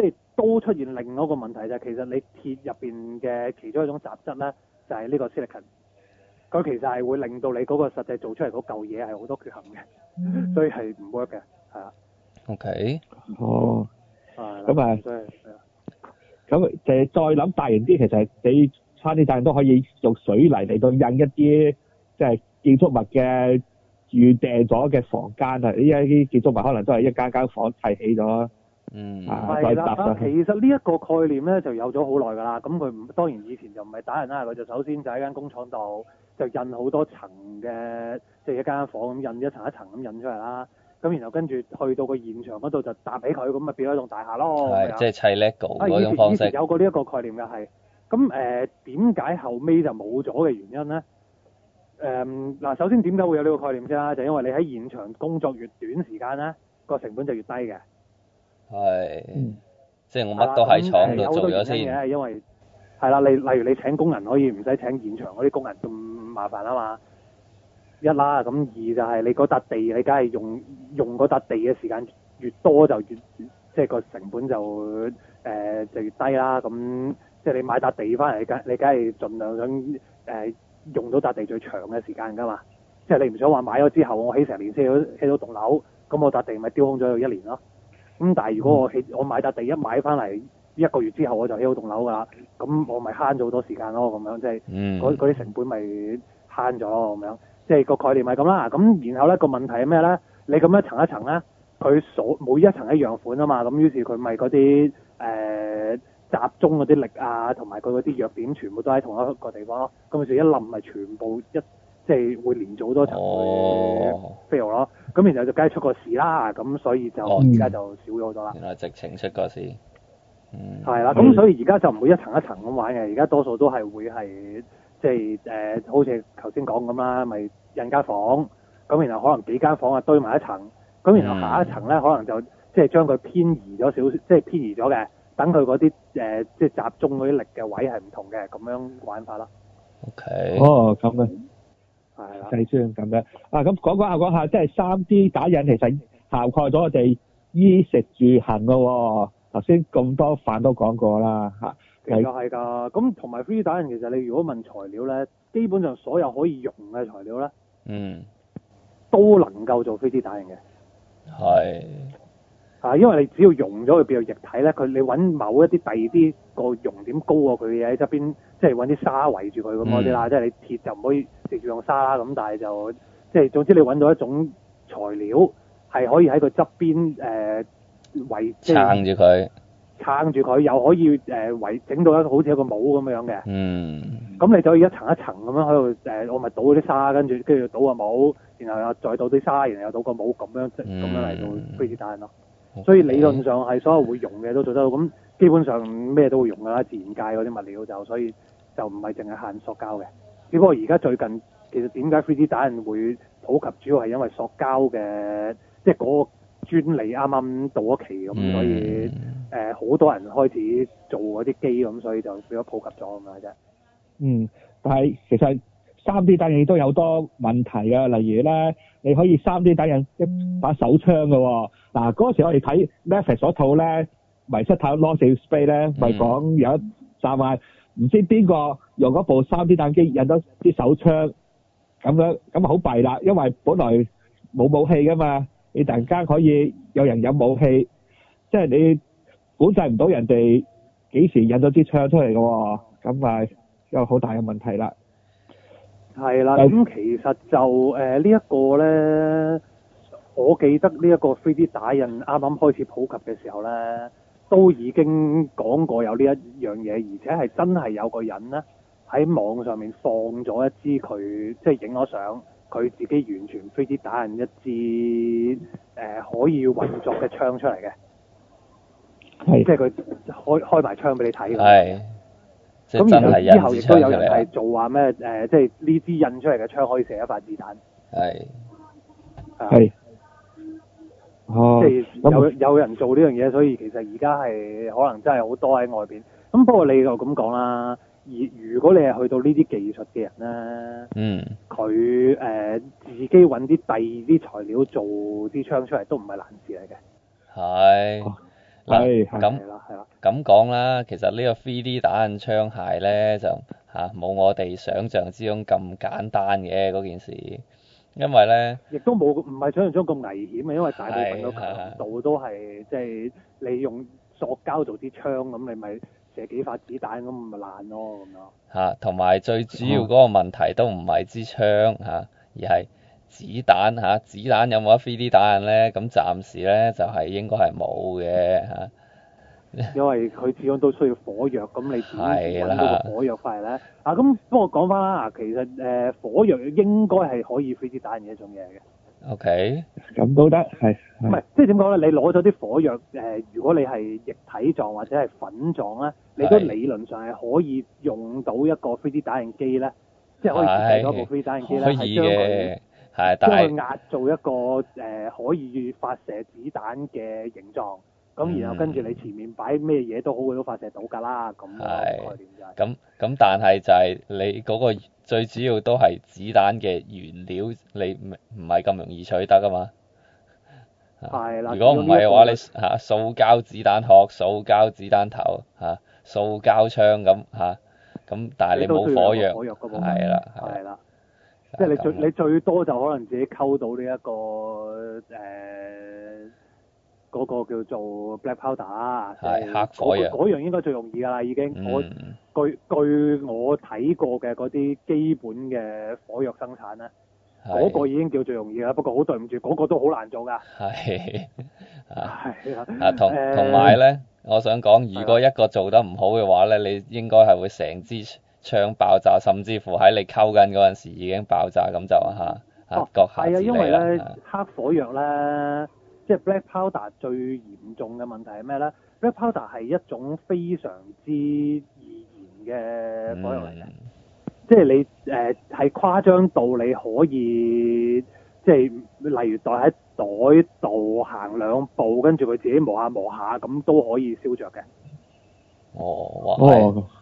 即係都出現另外一個問題就係其實你鐵入邊嘅其中一種雜質咧，就係、是、呢個 silicon，佢其實係會令到你嗰個實際做出嚟嗰嚿嘢係好多缺陷嘅，嗯、所以係唔 work 嘅，係 Okay.、哦、啊。OK 那。好。啊，咁啊。咁其實，再諗大型啲，其實你差啲但係都可以用水泥嚟到印一啲即係建築物嘅預訂咗嘅房間啊，依家啲建築物可能都係一間間，間房間砌起咗。嗯，係啦、啊，其實呢一個概念咧就有咗好耐㗎啦。咁佢唔當然以前就唔係打人啦，佢就首先就喺間工廠度就印好多層嘅，即、就、係、係、一間房咁印一層一層咁印出嚟啦。咁然後跟住去到個現場嗰度就搭起佢，咁咪變咗棟大廈咯。即係的的砌 Lego 嗰、啊、種方式以前以前有過呢一個概念嘅係。咁誒點解後尾就冇咗嘅原因咧？誒、嗯、嗱，首先點解會有呢個概念先啦？就因為你喺現場工作越短時間咧，個成本就越低嘅。係，即係我乜都喺廠度、嗯、做咗先。好多嘢因為係啦，例例如你請工人可以唔使請現場嗰啲工人咁麻煩啊嘛。一啦，咁二就係你嗰笪地你梗係用用嗰笪地嘅時間越多就越即係、就是、個成本就誒、呃、就越低啦。咁即係你買笪地翻嚟，你梗你梗係盡量想誒、呃、用到笪地最長嘅時間㗎嘛。即係你唔想話買咗之後我起成年先起起到棟樓，咁我笪地咪丟空咗一年咯。咁但係如果我起我買笪地一買翻嚟，一個月之後我就起好棟樓㗎啦，咁我咪慳咗好多時間咯，咁樣即係嗰啲成本咪慳咗，咁樣即係個概念係咁啦。咁然後咧個問題係咩咧？你咁樣一層一層咧，佢所每一層一樣款啊嘛，咁於是佢咪嗰啲誒集中嗰啲力啊，同埋佢嗰啲弱點全部都喺同一個地方咯，咁於是，一冧咪全部一。即係會連續好多層去飛落咯，咁、哦、然後就梗係出個事啦，咁、哦、所以就而家就少咗好多啦。原來直情出個事，嗯，係啦了，咁、嗯、所以而家就唔會一層一層咁玩嘅，而家多數都係會係即係誒、呃，好似頭先講咁啦，咪、就、印、是、間房，咁然後可能幾間房啊堆埋一層，咁然後下一層咧、嗯、可能就即係將佢偏移咗少，即、就、係、是、偏移咗嘅，等佢嗰啲誒即係集中嗰啲力嘅位係唔同嘅，咁樣玩法啦。O Okay . K，哦，咁嘅。係啦，就咁樣。啊，咁講講下講下，即係三 D 打印其實涵蓋咗我哋衣食住行噶喎、哦。頭先咁多範都講過啦，嚇。其實係㗎。咁同埋三 D 打印，其實你如果問材料咧，基本上所有可以用嘅材料咧，嗯，都能夠做三 D 打印嘅。係。啊！因為你只要溶咗佢變做液體咧，佢你揾某一啲第二啲個熔點高過佢嘅嘢喺側邊，即係揾啲沙圍住佢咁嗰啲啦，嗯、即係你鐵就唔可以直接用沙啦咁，但係就即係總之你揾到一種材料係可以喺個側邊誒、呃、圍撐住佢，撐住佢又可以誒、呃、圍整到一個好似一個帽咁樣嘅，嗯，咁你就可以一層一層咁樣喺度誒，我咪倒啲沙，跟住跟住倒個帽，然後又再倒啲沙，然後又倒個帽，然後又倒個帽咁樣咁、嗯、樣嚟到玻璃彈咯。嗯。所以理論上係所有會用嘅都做得到，咁基本上咩都會用㗎啦，自然界嗰啲物料就所以就唔係淨係限塑膠嘅。只不過而家最近其實點解 3D 打印會普及，主要係因為塑膠嘅即係嗰個專利啱啱到咗期咁，嗯、所以誒呃、好多人開始做嗰啲機咁，所以就變咗普及咗㗎嘛啫。嗯，但係其實。三 D 打印亦都有多問題啊！例如咧，你可以三 D 打印一把手槍嘅嗱。嗰時我哋睇 Netflix 嗰套咧《迷失太空》Lost Space 咧，咪講有一集話唔知邊個用嗰部三 D 打印機印咗支手槍咁樣，咁啊好弊啦！因為本來冇武器噶嘛，你突然間可以有人有武器，即係你估計唔到人哋幾時印咗支槍出嚟嘅喎，咁咪有好大嘅問題啦。係啦，咁其實就誒呢一個呢，我記得呢一個 3D 打印啱啱開始普及嘅時候呢，都已經講過有呢一樣嘢，而且係真係有個人呢喺網上面放咗一支佢即係影咗相，佢自己完全 3D 打印一支誒、呃、可以運作嘅槍出嚟嘅，是的 即係佢開開埋槍俾你睇嘅。咁然後之後亦都有人係做話咩？誒、呃，即係呢支印出嚟嘅槍可以射一發子彈。係。係。即係有、嗯、有人做呢樣嘢，所以其實而家係可能真係好多喺外邊。咁、嗯、不過你就咁講啦，而如果你係去到術呢啲技術嘅人咧，嗯，佢誒、呃、自己揾啲第二啲材料做啲槍出嚟都唔係難事嚟嘅。係是。哦咁咁講啦，其實呢個 3D 打印槍械咧就冇我哋想象之中咁簡單嘅嗰件事，因為咧亦都冇唔係想象中咁危險嘅，因為大部分都強度都係的即係你用塑膠做啲槍咁，你咪射幾發子彈咁咪爛咯咁樣。同埋最主要嗰個問題都唔係支槍吓、啊、而係。子彈嚇，子彈有冇得 3D 打印咧？咁暫時咧就係、是、應該係冇嘅嚇。因為佢始終都需要火藥，咁你點揾到個火藥翻嚟咧？啊，咁不過講翻啦，其實、呃、火藥應該係可以 3D 打印嘅一種嘢嘅。O K，咁都得係。唔係，即係點講咧？你攞咗啲火藥、呃、如果你係液體狀或者係粉狀咧，的你都理論上係可以用到一個 3D 打印機咧，是的即係可以用到。嗰部 3D 打印機咧，係將嗰但佢壓做一個誒可以發射子彈嘅形狀，咁然後跟住你前面擺咩嘢都好，佢都發射到噶啦。咁咁咁，但係、嗯、就係你嗰個最主要都係子彈嘅原料，你唔唔係咁容易取得噶嘛。係啦的。如果唔係嘅話，你吓塑膠子彈殼、塑膠子彈頭、吓塑膠槍咁吓，咁、啊、但係你冇火藥，係啦，係啦。即係你最你最多就可能自己溝到呢、這、一個誒嗰、呃那個叫做 black powder，係黑火藥嗰樣應該最容易㗎啦，已經、嗯、我據，據我睇過嘅嗰啲基本嘅火藥生產咧，嗰是個已經叫最容易啦。不過好對唔住，嗰、那個都好難做㗎。係啊，是啊同同埋咧，嗯、我想講，如果一個做得唔好嘅話咧，的你應該係會成支。槍爆炸，甚至乎喺你溝緊嗰陣時已經爆炸，咁就嚇嚇割下。係啊，因為咧、啊、黑火藥咧，即、就、係、是、black powder 最嚴重嘅問題係咩咧？black powder 係一種非常之易燃嘅火藥嚟嘅，即係、嗯、你誒係、呃、誇張到你可以即係、就是、例如在袋喺袋度行兩步，跟住佢自己磨下磨下咁都可以燒着嘅。哦，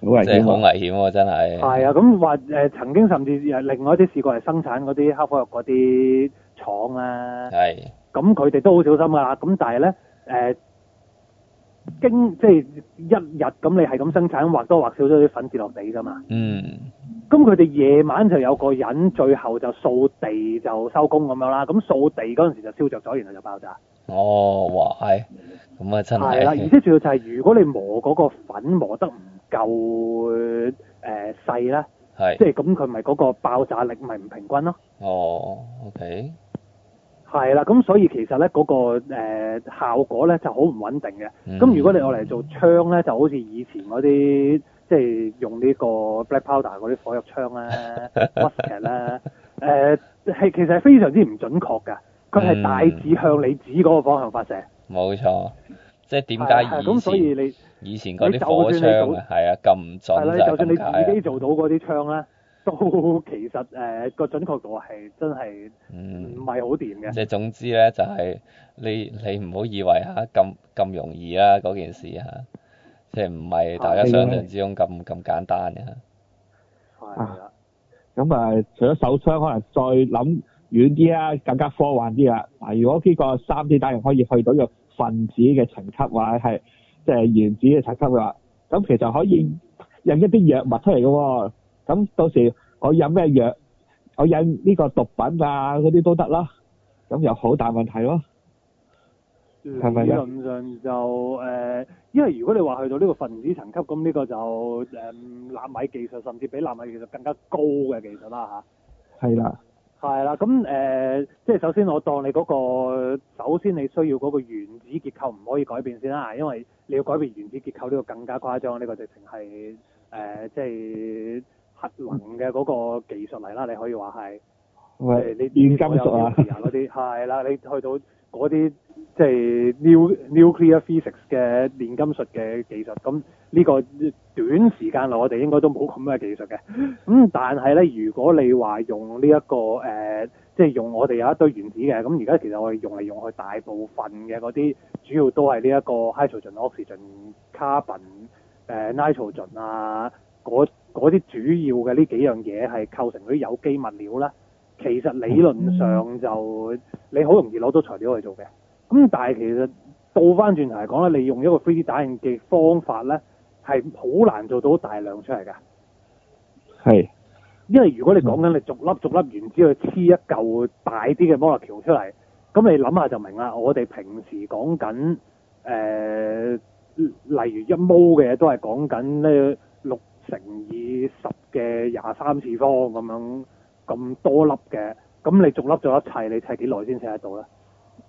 哇，即係、哦、好危險喎，真係。係啊，咁話誒，曾經甚至另外一啲試過嚟生產嗰啲黑火藥嗰啲廠啊。係的。咁佢哋都好小心噶啦，咁但係咧，誒、呃，經即係一日，咁你係咁生產，或多或少都有啲粉跌落地噶嘛。嗯。咁佢哋夜晚就有個人，最後就掃地就收工咁樣啦。咁掃地嗰陣時就燒着咗，然後就爆炸。哦，哇，係、哎，咁啊，真係，係啦，而且主要就係如果你磨嗰個粉磨得唔夠誒細咧，係、呃，呢是即係咁佢咪嗰個爆炸力咪唔平均咯。哦，OK。係啦，咁所以其實咧嗰、嗰個誒、呃、效果咧就好唔穩定嘅。咁、嗯、如果你攞嚟做槍咧，就好似以前嗰啲即係用呢個 black powder 嗰啲火藥槍咧 Musket 咧，誒係、 呃、其實係非常之唔準確嘅佢係大致向你指嗰個方向發射，冇、嗯、錯，即係點解以前、啊啊、所以，你以前嗰啲火槍係啊咁準就？係啦、啊，就算你自己做到嗰啲槍咧，都其實個、呃、準確度係真係唔係好掂嘅。即係總之咧，就係、是、你你唔好以為嚇咁咁容易呀、啊、嗰件事呀、啊，即係唔係大家想像之中咁咁的簡單嘅。係啦，咁咪的、啊、除咗手槍，可能再諗。遠啲啊，更加科幻啲啊！嗱，如果呢個三 D 打印可以去到個分子嘅層級或者係即係原子嘅層級嘅話，咁其實可以印一啲藥物出嚟嘅、啊。咁到時我印咩藥，我印呢個毒品啊嗰啲都得啦、啊。咁又好大問題咯、啊。係咪啊？理論上就誒、呃，因為如果你話去到呢個分子層級，咁呢個就誒、呃、納米技術，甚至比納米技術更加高嘅技術啦吓。係、啊、啦。係啦，咁誒、呃，即係首先我當你嗰、嗰個首先你需要嗰個原子結構唔可以改變先啦，因為你要改變原子結構呢、呢個更加誇張，呢、呢個直情係誒，即係核能嘅嗰個技術嚟啦，你可以話係，喂，呃、你研究啊嗰啲，係啦，你去到。嗰啲即係 nuclear physics 嘅煉金術嘅技術，咁呢個短時間內我哋應該都冇咁嘅技術嘅。咁但係咧，如果你話用呢、這、一個即係、呃就是、用我哋有一堆原子嘅，咁而家其實我哋用嚟用去，大部分嘅嗰啲主要都係呢一個 hydrogen、oxygen、carbon、uh、nitrogen 啊，嗰啲主要嘅呢幾樣嘢係構成嗰啲有機物料啦。其實理論上就你好容易攞到材料去做嘅，咁但係其實倒翻轉頭嚟講咧，你用一個 3D 打印嘅方法咧，係好難做到大量出嚟嘅。係是。因為如果你講緊你逐粒逐粒原子去黐一嚿大啲嘅摩勒橋出嚟，咁你諗下就明啦。我哋平時講緊誒，例如一毛嘅都係講緊呢六乘以十嘅廿三次方咁樣。咁多粒嘅，咁你逐粒做一砌，你砌幾耐先砌得到咧？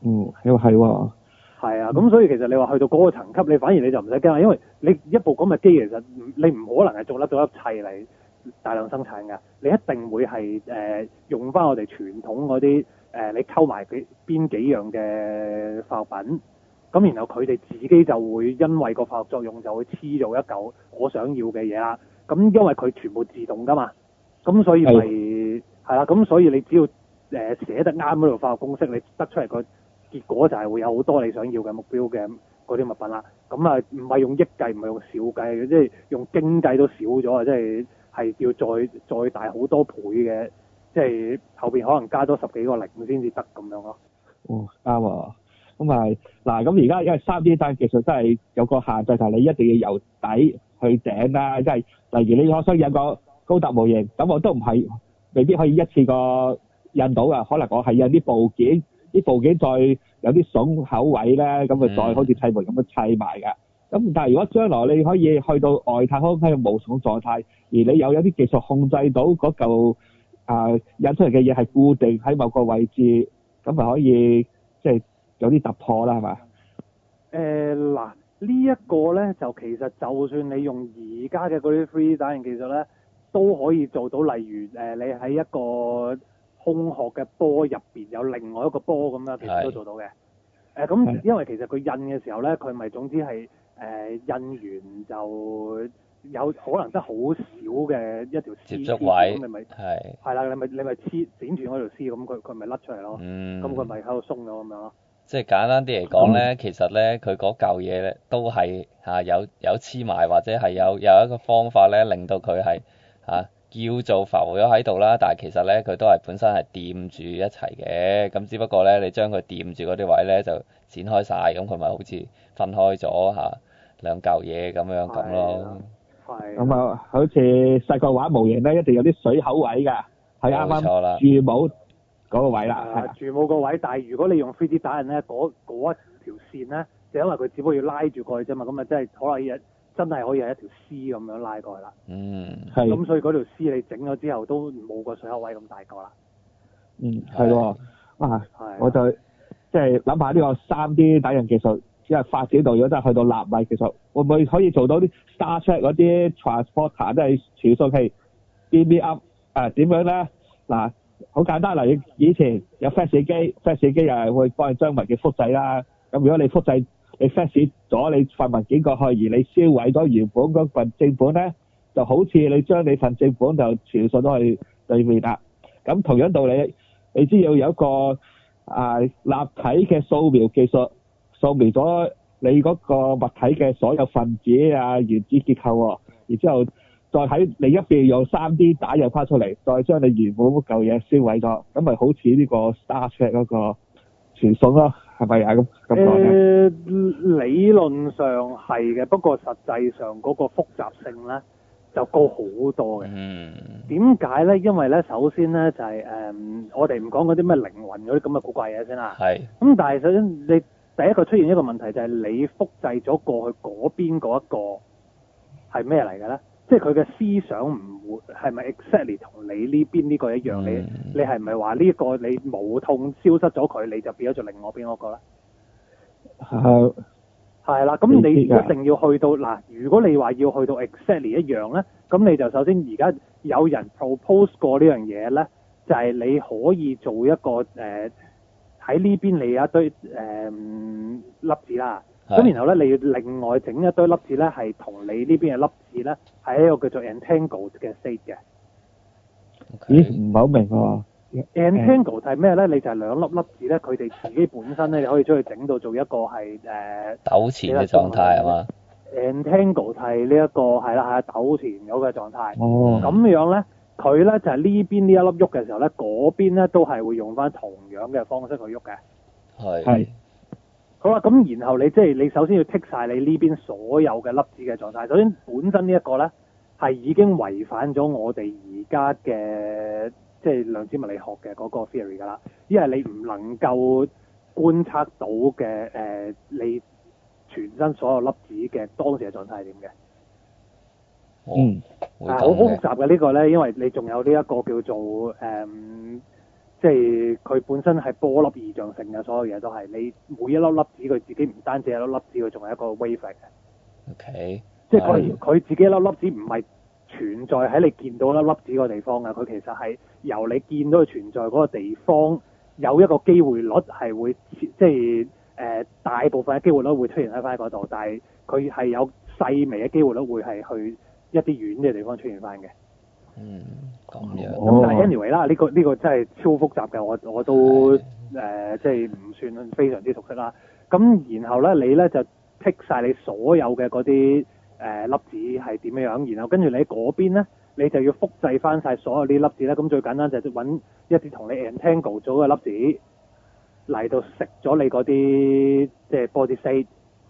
嗯，又係喎。係啊，咁所以其實你話去到嗰個層級，你反而你就唔使驚，因為你一部咁嘅機，其實你唔可能係逐粒做一砌嚟大量生產㗎。你一定會係誒、呃、用翻我哋傳統嗰啲誒，你溝埋佢邊幾樣嘅化學品，咁然後佢哋自己就會因為個化學作用就會黐咗一嚿我想要嘅嘢啦。咁因為佢全部自動噶嘛。咁所以咪係啦，咁的所以你只要誒、呃、寫得啱嗰個化學公式，你得出嚟個結果就係會有好多你想要嘅目標嘅嗰啲物品啦。咁啊，唔係用億計，唔係用兆計，即係用京計都少咗啊！即係係要再再大好多倍嘅，即係後邊可能加多十幾個零先至得咁樣咯。哦，啱啊。咁係嗱，咁而家因為三 D 打印技術真係有個限制，就係、是、你一定要由底去頂啦、啊。即、就、係、是、例如你學生有個嗯高達模型咁我都唔係未必可以一次過印到嘅，可能我係印啲部件，啲部件再有啲榫口位咧，咁咪再好似砌模咁樣砌埋嘅。咁但係如果將來你可以去到外太空喺無重狀態，而你又有啲技術控制到嗰嚿啊印出嚟嘅嘢係固定喺某個位置，咁咪可以即係有啲突破啦，係嘛？誒嗱，呢一個咧就其實就算你用而家嘅嗰啲 3D 打印技術咧。都可以做到，例如誒、呃，你喺一個空殼嘅波入邊有另外一個波咁樣，其實都做到嘅。誒咁是、呃，因為其實佢印嘅時候咧，佢咪總之係誒、呃、印完就有可能得好少嘅一條絲線接觸位咁，咪咪係係啦，你咪你咪黐剪住嗰條絲咁，佢佢咪甩出嚟咯。嗯，咁佢咪喺度鬆咗咁樣咯。即係簡單啲嚟講咧，嗯、其實咧，佢嗰嚿嘢都係嚇、啊、有有黐埋，或者係有有一個方法咧，令到佢係。啊，叫做浮咗喺度啦，但係其實咧，佢都係本身係掂住一齊嘅，咁只不過咧，你將佢掂住嗰啲位咧就剪開晒，咁佢咪好似分開咗嚇、啊、兩嚿嘢咁樣咁咯。係。咁啊，啊好似細個玩模型咧，一定有啲水口位㗎，係冇錯啦，住冇嗰個位啦。住冇個個位，但係如果你用 3D 打印咧，嗰嗰一條線咧，就因為佢只不過要拉住過去啫嘛，咁啊真係可能呢日。真係可以係一條絲咁樣拉過去啦。嗯，係。咁所以嗰條絲你整咗之後都冇個水口位咁大個啦。嗯，係喎、嗯。的啊，的我就即係諗下呢個三 D 打印技術，因為發展到如果真係去到納米技術，會唔會可以做到啲 Star Trek 嗰啲 transporter，即係傳訊器？B B M 啊，點樣咧？嗱、啊，好簡單啦。以前有 fax 機，fax 機又係會幫你將文件複製啦。咁如果你複製，你 flash 咗你份文件過去，而你銷毀咗原本嗰份正本咧，就好似你將你份正本就傳送咗去對面啦。咁同樣道理，你只要有一個啊立體嘅掃描技術，掃描咗你嗰個物體嘅所有分子啊原子結構，啊，然之後再喺另一邊用 3D 打印翻出嚟，再將你原本嗰嚿嘢銷毀咗，咁咪好似呢個 Star Trek 嗰個傳送咯，啊。係咪啊？咁、呃、理論上係嘅，不過實際上嗰個複雜性咧就高好多嘅、嗯就是。嗯。點解咧？因為咧，首先咧就係誒，我哋唔講嗰啲咩靈魂嗰啲咁嘅古怪嘢先啦。係。咁但係首先，你第一個出現一個問題就係你複製咗過去嗰邊嗰一個係咩嚟嘅咧？即係佢嘅思想唔會係咪 exactly 同你呢邊呢個一樣？Mm. 你你係唔係話呢個你冇痛消失咗佢，你就變咗做另外邊嗰個咧？係啦、uh，咁你一定要去到嗱，mm. 如果你話要去到 exactly 一樣咧，咁你就首先而家有人 propose 過呢樣嘢咧，就係、係、你可以做一個誒喺呢邊你一堆誒、呃、粒子啦。咁是然後咧，你要另外整一堆粒子咧，係同你呢邊嘅粒子咧，係一個叫做 entangle 嘅 state 嘅。Okay, 咦？唔係好明喎。entangle 係咩咧？你、嗯、就係、是、兩粒粒子咧，佢哋自己本身咧，你可以將佢整到做一個係誒糾纏嘅狀態係嘛？entangle 係呢一個係啦，係啊，糾纏咗嘅狀態。哦。咁樣咧，佢咧就係、是、呢邊呢一粒喐嘅時候咧，嗰邊咧都係會用翻同樣嘅方式去喐嘅。係是。好啦，咁然後你即係你首先要剔晒你呢邊所有嘅粒子嘅狀態。首先本身呢一個咧，係已經違反咗我哋而家嘅即係量子物理學嘅嗰個 theory 噶啦，因為你唔能夠觀察到嘅誒、呃，你全身所有粒子嘅當時嘅狀態係點嘅。哦。係好好複雜嘅呢個咧，因為你仲有呢一個叫做、呃即係佢本身係波粒二象性嘅，所有嘢都係你每一粒粒子佢自己唔單止係一粒粒子，佢仲係一個 wave 嘅。OK，um, 即係佢佢自己一粒粒子唔係存在喺你見到一粒粒子個地方嘅，佢其實係由你見到佢存在嗰個地方有一個機會率係會，即係誒、呃、大部分嘅機會率會出現喺翻嗰度，但係佢係有細微嘅機會率會係去一啲遠嘅地方出現翻嘅。嗯，咁樣。咁、哦、但係 anyway 啦，呢、呢個呢、呢個真係超複雜嘅，我我都誒即係唔算非常之熟悉啦。咁然後咧，你咧就剔晒你所有嘅嗰啲誒粒子係點樣，然後跟住你嗰邊咧，你就要複製翻晒所有啲粒子咧。咁最簡單就揾一啲同你 entangle 咗嘅粒子嚟到食咗你嗰啲即係 body cell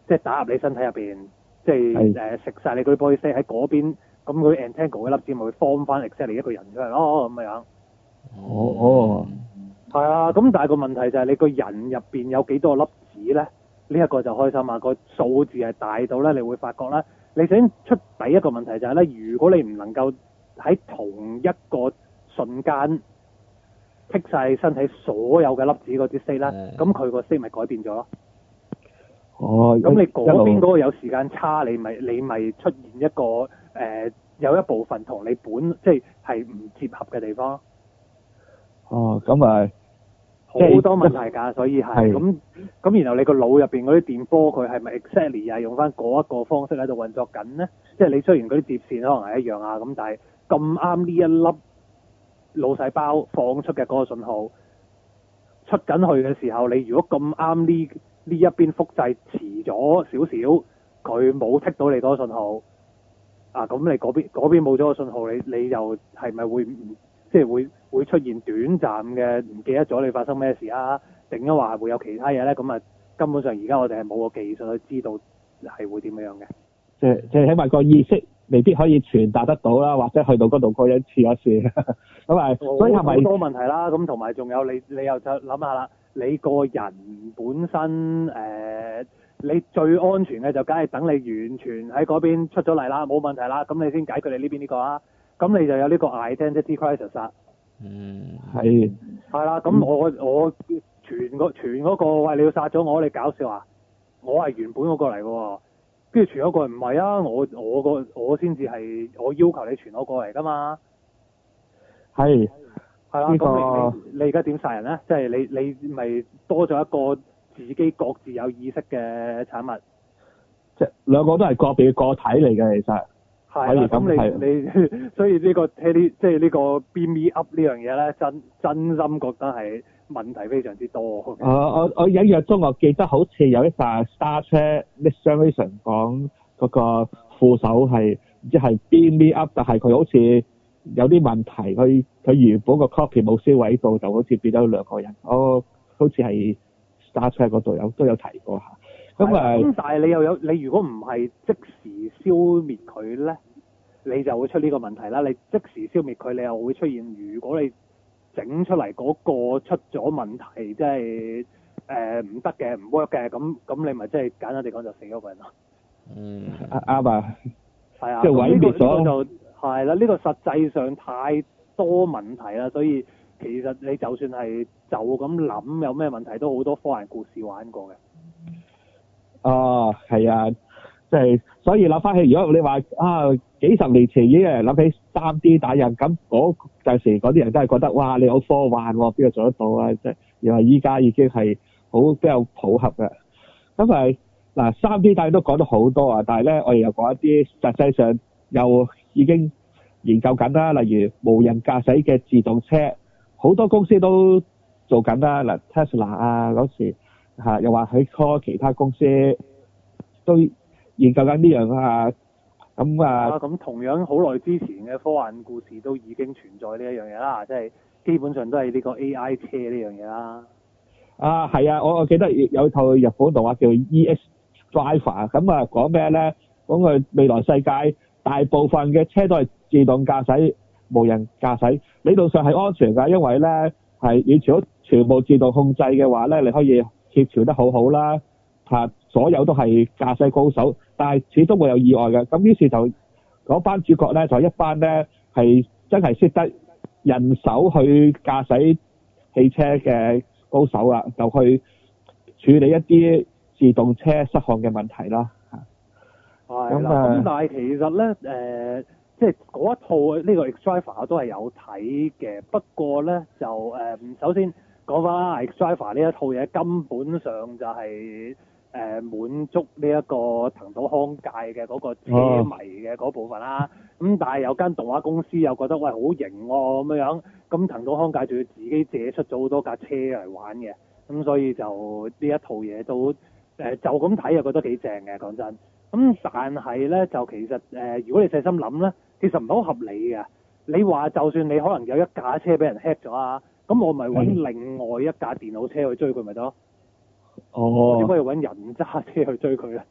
即係打入你身體入、就是的呃、邊，即係誒食晒你嗰啲 body cell 喺嗰邊。咁佢 entangle 嗰粒子咪會放返翻 exactly 一個人出嚟咯，咁樣。哦，係啊，咁、哦哦、但係個問題就係你個人入邊有幾多粒子咧？呢、這、一個就開心啊，個數字係大到咧，你會發覺咧，你想出第一個問題就係、是、咧，如果你唔能夠喺同一個瞬間剔晒身體所有嘅粒子嗰啲 c 咧，咁佢個 c 咪改變咗咯。哦，咁你嗰邊嗰個有時間差，你咪你咪出現一個。誒、呃、有一部分同你本即係唔結合嘅地方。哦，咁咪好多問題㗎，所以係咁咁。是然後你個腦入邊嗰啲電波，佢係咪 exactly 用翻嗰一個方式喺度運作緊呢？即係你雖然嗰啲接線可能係一樣啊，咁但係咁啱呢一粒腦細胞放出嘅嗰個信號出緊去嘅時候，你如果咁啱呢呢一邊複製遲咗少少，佢冇剔到你嗰個信號。啊，咁你嗰邊嗰邊冇咗個信號，你你又係咪會即係會會出現短暫嘅唔記得咗你發生咩事啊？定啊話會有其他嘢咧？咁啊，根本上而家我哋係冇個技術去知道係會點樣嘅。即係即係起碼個意識未必可以傳達得到啦，或者去到嗰度過一次一次。咁 啊是。哦、所以係咪多問題啦？咁同埋仲有你你又就諗下啦，你個人本身誒。呃你最安全嘅就梗係等你完全喺嗰邊出咗嚟啦，冇問題啦，咁你先解決你呢邊呢個啊，咁你就有呢個 identity crisis 啦。嗯，係。係啦，咁我我全個全嗰個，喂，你要殺咗我，你搞笑啊！我係原本嗰個嚟嘅喎，跟住全有個人唔係啊，我我個我先至係我要求你傳我過嚟㗎嘛。係。係啦。呢個。你而家點殺人咧？即係你你咪多咗一個。自己各自有意識嘅產物，即兩個都係個別嘅個體嚟嘅。其實係啊，咁的你的你所以呢、呢個呢啲即係呢個 Beam me up 呢樣嘢咧，真真心覺得係問題非常之多嘅。我我我隱約中我記得好似有一架 Star Trek Next Generation 講嗰個副手係即係 Beam me up，但係佢好似有啲問題。佢佢原本個 copy 冇銷毀到，就好似變咗兩個人。我好似係。揸車嗰度有都有提過下，咁、就係、但係你又有你如果唔係即時消滅佢咧，你就會出呢個問題啦。你即時消滅佢，你又會出現。如果你整出嚟嗰個出咗問題，即係誒唔得嘅，唔 work 嘅，咁咁你咪即係簡單地講就死咗個人咯。嗯，啱啊。係啊，即係的毀滅咗。係啦、呢個，呢、呢個呢個實際上太多問題啦，所以。其實你就算係就咁諗，有咩問題都好多科幻故事玩過嘅。哦，係啊，即係所以諗翻起，如果你話啊幾十年前已經諗起三 D 打印，咁嗰陣時嗰啲人都係覺得哇，你好科幻喎，啊，邊個做得到啊？即係而家已經係好比較普及嘅。咁係嗱，三 D 打印都講咗好多啊，但係咧我哋又講一啲實際上又已經研究緊啦，例如無人駕駛嘅自動車。好多公司都做緊啦，嗱，Tesla 啊，嗰時嚇又話佢 call 其他公司都研究緊呢樣啊，咁啊，咁同樣好耐之前嘅科幻故事都已經存在呢一樣嘢啦，即係基本上都係呢個 AI 車呢樣嘢啦。啊，係啊，我我記得有套日本動畫叫 E.S. Driver，咁啊講咩咧？講佢未來世界大部分嘅車都係自動駕駛。無人駕駛理論上係安全噶，因為咧係你除咗全部自動控制嘅話咧，你可以協調得好好啦，吓所有都係駕駛高手，但係始終會有意外嘅。咁於是就嗰班主角咧就一班咧係真係識得人手去駕駛汽車嘅高手啦，就去處理一啲自動車失控嘅問題啦。係啦，咁但係其實咧誒。即係嗰一套呢、這個 eX-Driver 都係有睇嘅，不過咧就誒、呃、首先講翻 eX-Driver 呢一套嘢，根本上就係、是、誒、呃、滿足呢一個藤島康介嘅嗰個車迷嘅嗰部分啦。咁、哦、但係有間動畫公司又覺得喂好型喎咁樣，咁藤島康介仲要自己借出咗好多架車嚟玩嘅，咁所以就呢一套嘢都、呃、就咁睇又覺得幾正嘅講真。咁但係咧就其實誒、呃、如果你細心諗咧。其實唔係好合理嘅。你話就算你可能有一架車俾人 hack 咗啊，咁我咪搵另外一架電腦車去追佢咪得咯？哦。點可要搵人揸車去追佢咧？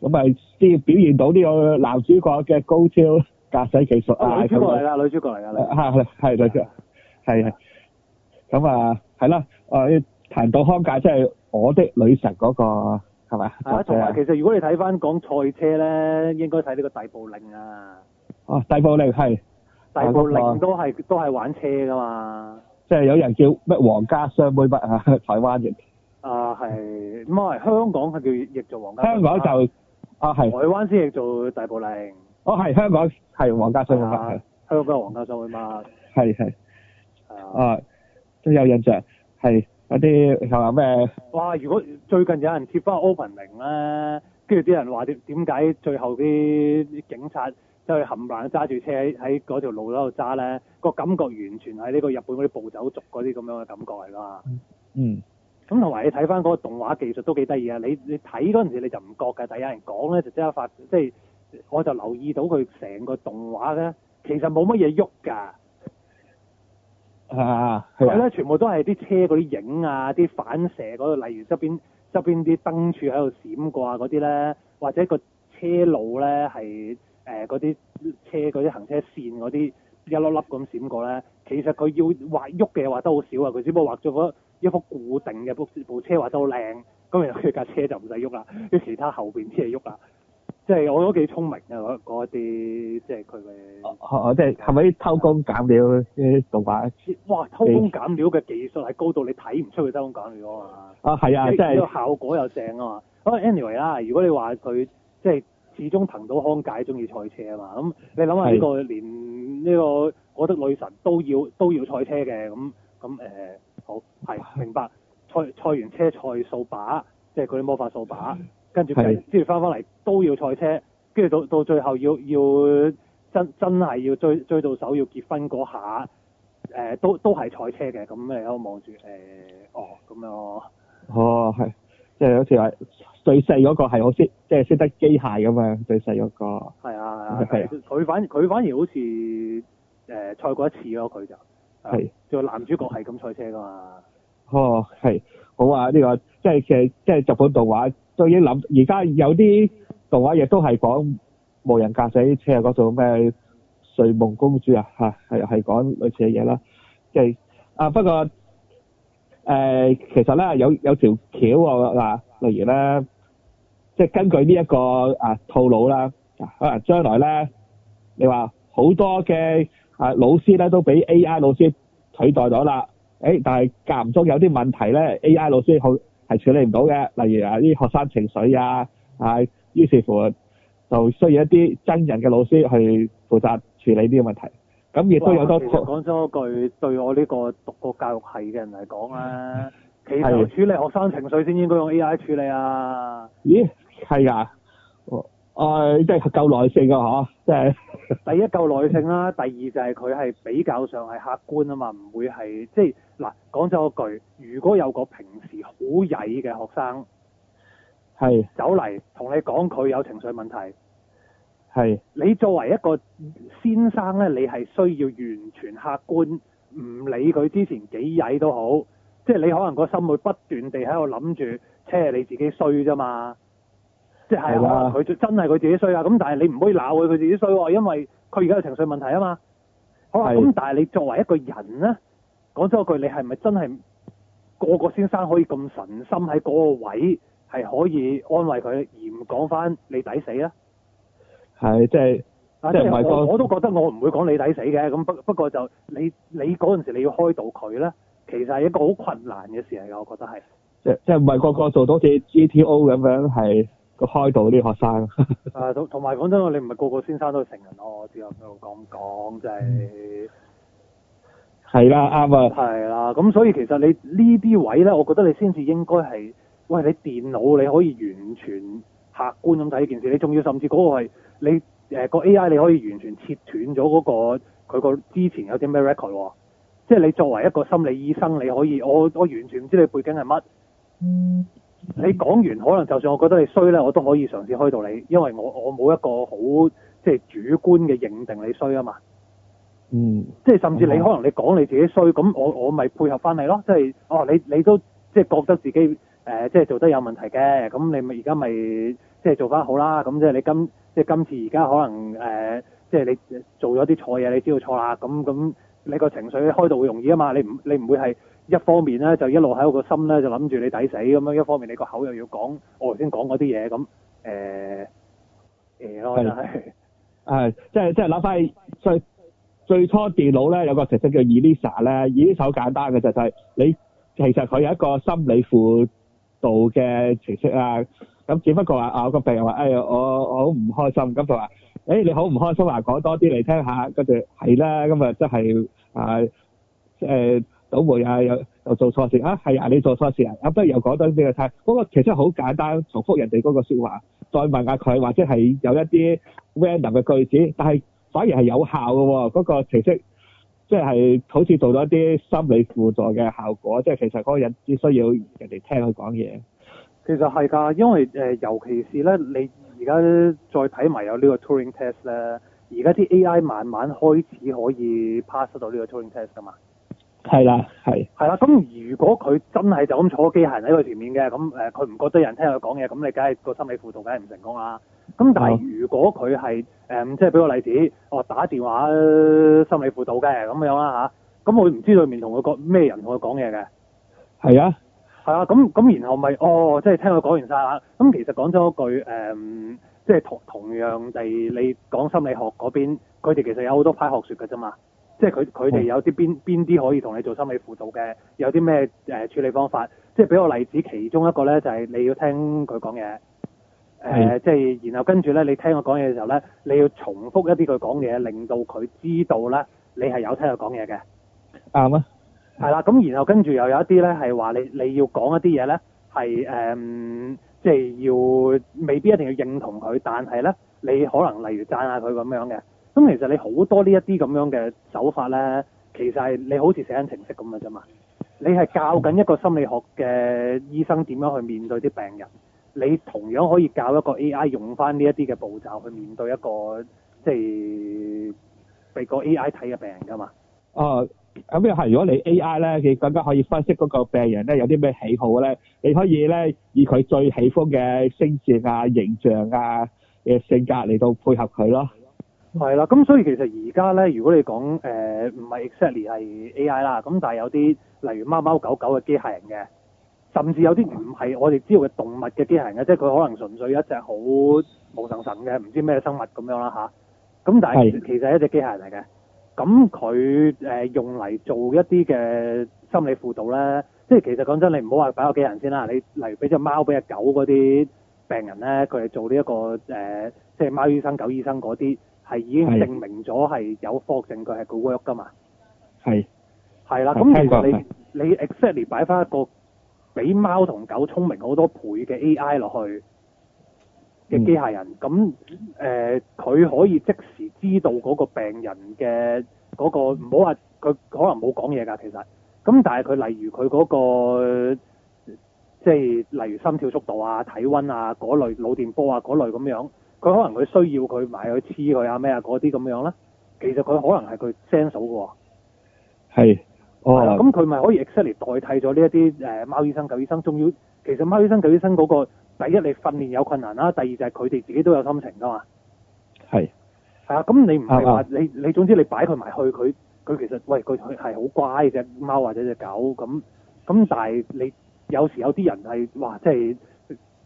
咁咪先表現到呢個男主角嘅高超駕駛技術啊！女主角嚟啦，是女主角嚟噶。係係就女主角，係係的。咁啊，係啦。我談到康架，即係的我的女神嗰、那個，係咪同埋，其實如果你睇翻講賽車咧，應該睇呢個大布令啊。啊！大布令係大布令都係、啊、都係玩車噶嘛，即係有人叫乜皇家雙杯筆啊？台灣嘅啊係咁啊，香港係叫譯做皇家，香港就啊係台灣先譯做大布令。哦是，係香港係皇家雙杯筆，香港嘅皇家雙杯嘛係係啊，都有印象，係嗰啲又咪咩？哇、啊！如果最近有人貼翻 Open 零啦，跟住啲人話點點解最後啲警察？即係冚唪唥揸住車喺喺嗰條路嗰度揸咧，個感覺完全係呢個日本嗰啲暴走族嗰啲咁樣嘅感覺嚟㗎、嗯。嗯，咁同埋你睇翻嗰個動畫技術都幾得意啊！你你睇嗰陣時你就唔覺㗎，但有人講咧就即刻發，即係我就留意到佢成個動畫咧，其實冇乜嘢喐㗎。係啊，佢咧、啊、全部都係啲車嗰啲影啊、啲反射嗰度，例如側邊側邊啲燈柱喺度閃過啊嗰啲咧，或者個車路咧係。誒嗰啲車，嗰啲行車線，嗰啲一粒粒咁閃過咧，其實佢要畫喐嘅畫得好少啊，佢只不過畫咗一幅固定嘅部，部車畫得好靚，咁然後佢架車就唔使喐啦，跟其他後邊車喐啦，即係我都幾聰明啊嗰啲即係佢嘅。即係係咪偷工減料啲動畫？啊啊啊，哇！偷工減料嘅技術係高到你睇唔出佢偷工減料啊嘛。啊，係啊，即係是是效果又正啊嘛。咁，啊，Anyway 啦，如果你話佢即係始終彭到康界中意賽車啊嘛，咁你諗下呢個連呢個，我覺得女神都要都要賽車嘅，咁咁誒好係明白，賽賽完車賽掃把，即係嗰啲魔法掃把，跟住跟住翻翻嚟都要賽車，跟住到到最後要要真真係要追追到手要結婚嗰下，誒、呃、都都係賽車嘅，咁你誒望住誒哦咁樣哦，樣哦係，即係好似係。最細嗰個係我識，即係識得機械咁樣最細嗰、那個係啊，係佢、啊啊、反佢反而好似誒、呃、賽過一次咯。佢就係叫、啊啊、男主角係咁賽車噶嘛。哦，係好啊！呢、這個即係其實即係日本動畫，都已經諗。而家有啲動畫亦都係講無人駕駛車啊，嗰種咩睡夢公主啊，嚇係係講類似嘅嘢啦。即係啊，不過誒、呃，其實咧有有條橋喎嗱。例如咧，即係根據呢、這、一個啊套路啦，可能將來咧，你話好多嘅啊老師咧都俾 AI 老師取代咗啦。誒，但係間唔中有啲問題咧，AI 老師好係處理唔到嘅。例如啊，啲學生情緒啊，於、啊、於是乎就需要一啲真人嘅老師去負責處理呢個問題。咁亦都有多講咗句，對我呢個讀過教育系嘅人嚟講啦。 其實處理學生情緒先應該用 AI 處理啊？咦，係噶，哦，啊，即係夠耐性啊，即係第一夠耐性啦，第二就係佢係比較上係客觀啊嘛，唔會係即係嗱講咗一句，如果有個平時好曳嘅學生係是走嚟同你講佢有情緒問題，係是你作為一個先生呢，你係需要完全客觀，唔理佢之前幾曳都好。即係你可能個心會不斷地喺度諗住，車係你自己衰啫嘛，即係話佢真係佢自己衰啊！咁吧但係你唔可以鬧佢佢自己衰，因為佢而家有情緒問題啊嘛。好啊，咁是但係你作為一個人呢，講咗嗰句，你係咪真係個個先生可以咁神心喺嗰個位，係可以安慰佢，而唔講翻你抵死咧？係，即係即係是、那個、我，我都覺得我唔會講你抵死嘅，咁不不過就你你嗰陣時你要開導佢呢。其實係一個好困難嘅事嚟㗎，我覺得係。即即唔係個個做到似 GTO 咁樣係個開導啲學生。 啊，同埋，講真，你唔係個個先生都係成人咯，只有咁講，就係。係啦，啱啊。係啦，咁所以其實你這些置呢啲位咧，我覺得你先至應該係，喂，你電腦你可以完全客觀咁睇呢件事，你仲要甚至嗰個係你誒個、呃、AI 你可以完全切斷咗嗰個佢個之前有啲咩 record 喎。即係你作為一個心理醫生，你可以我我完全唔知你背景係乜。嗯、你講完可能就算我覺得你衰呢，我都可以嘗試開導你，因為我我冇一個好即係主觀嘅認定你衰啊嘛。嗯。即係甚至你、嗯、可能你講你自己衰，咁我我咪配合翻你咯。即、就、係、是、哦，你你都即係覺得自己、呃、即係做得有問題嘅，咁你咪而家咪即係做翻好啦。咁即係你今即係今次而家可能誒、呃，即係你做咗啲錯嘢，你知道錯啦。咁咁。你個情緒開到會容易啊嘛！你唔你唔會係一方面咧就一路喺我個心咧就諗住你抵死咁樣，一方面你個口又要講我頭先講嗰啲嘢咁，誒誒咯，係係即係即係諗翻最最初電腦咧有個程式叫 Elisa 咧，Elisa 好簡單嘅就係、是、你其實佢有一個心理輔導嘅程式啊，咁只不過話啊個病人話呀、哎、我我好唔開心咁就話。誒、欸、你好唔開心啊！講多啲嚟聽下，跟住係啦，咁啊真係啊誒倒霉啊，又又做錯事啊，係啊你做錯事啊，咁不如又講多啲俾佢聽。嗰、那個其實好簡單，重複人哋嗰個説話，再問下佢，或者係有一啲 random 嘅句子，但係反而係有效嘅喎、啊。嗰、那個其實即係好似做咗一啲心理輔助嘅效果，即、就、係、是、其實嗰個人只需要人哋聽佢講嘢。其實係㗎，因為誒、呃、尤其是咧你。而家再睇埋有呢個 Turing test 呢，而家啲 AI 慢慢開始可以 pass 到呢個 Turing test 噶嘛？係啦，係，係啦。咁如果佢真係就咁坐個機械人喺佢前面嘅，咁誒佢唔覺得有人聽佢講嘢，咁你梗係個心理輔導梗係唔成功啦。咁但係如果佢係誒，即係俾個例子，我打電話心理輔導嘅咁樣啦吓，咁佢唔知道裏面同佢講咩人同佢講嘢嘅，係啊。係啊，咁咁然後咪哦，即、就、係、是、聽佢講完晒啦。咁其實講咗一句誒，即、嗯、係、就是、同同樣地你講心理學嗰邊，佢哋其實有好多派學說噶啫嘛。即係佢佢哋有啲邊邊啲可以同你做心理輔導嘅，有啲咩誒處理方法？即係俾個例子，其中一個咧就係、是、你要聽佢講嘢，誒的，即係、呃就是、然後跟住咧，你聽佢講嘢嘅時候咧，你要重複一啲佢講嘢，令到佢知道咧，你係有聽佢講嘢嘅。啱啊、嗯。係啦，咁然後跟住又有一啲咧，係話你你要講一啲嘢咧，係誒，即、嗯、係、即係、要未必一定要認同佢，但係咧，你可能例如讚下佢咁樣嘅。咁其，其實你好多呢一啲咁樣嘅手法咧，其實係你好似寫緊程式咁嘅啫嘛。你係教緊一個心理學嘅醫生點樣去面對啲病人，你同樣可以教一個 A I 用翻呢一啲嘅步驟去面對一個即係被個 A I 睇嘅病人噶嘛。啊。Uh, 咁又係，mente, 如果你 AI 咧，你更加可以分析嗰個病人咧，有啲咩喜好咧，你可以咧以佢最喜歡嘅聲線啊、形象啊嘅性格嚟到配合佢咯。係啦，咁所以其實而家咧，如果你講誒唔係 exactly 係 AI 啦，咁但係有啲例如貓貓狗狗嘅機械人嘅，甚至有啲唔係我哋知道嘅動物嘅機械人嘅，即係佢可能純粹一隻好毛神神嘅唔知咩生物咁樣啦吓，咁但係其實係一隻機械人嚟嘅。咁佢、呃、用嚟做一啲嘅心理輔導咧，即係其實講真，你唔好話擺有幾人先啦，你嚟俾隻貓俾隻狗嗰啲病人咧，佢係做呢、這、一個誒、呃、即係貓醫生、狗醫生嗰啲，係已經證明咗係有科學證據係個 work 噶嘛，係、係啦，咁其實你的你 exactly 擺翻一個比貓同狗聰明好多倍嘅 AI 落去。嘅、嗯、機械人咁誒，佢、呃、可以即時知道嗰個病人嘅嗰、嗰個唔好話佢可能冇講嘢㗎，其實咁但係佢例如佢嗰、嗰個即係例如心跳速度啊、體温啊嗰類、腦電波啊嗰類咁樣，佢可能佢需要佢埋去黐佢啊咩啊嗰啲咁樣咧，其實佢可能係佢 sensor 喎。係，哦、嗯，咁佢咪可以 exactly 代替咗呢一啲誒貓醫生、狗醫生？仲要其實貓醫生、狗醫生嗰、嗰個。第一你訓練有困難啦，第二就係佢哋自己都有心情㗎嘛。係是。係啊，咁你唔係話你你總之你擺佢埋去佢佢其實喂佢係好乖隻貓或者隻狗咁咁，但係你有時有啲人係話，即係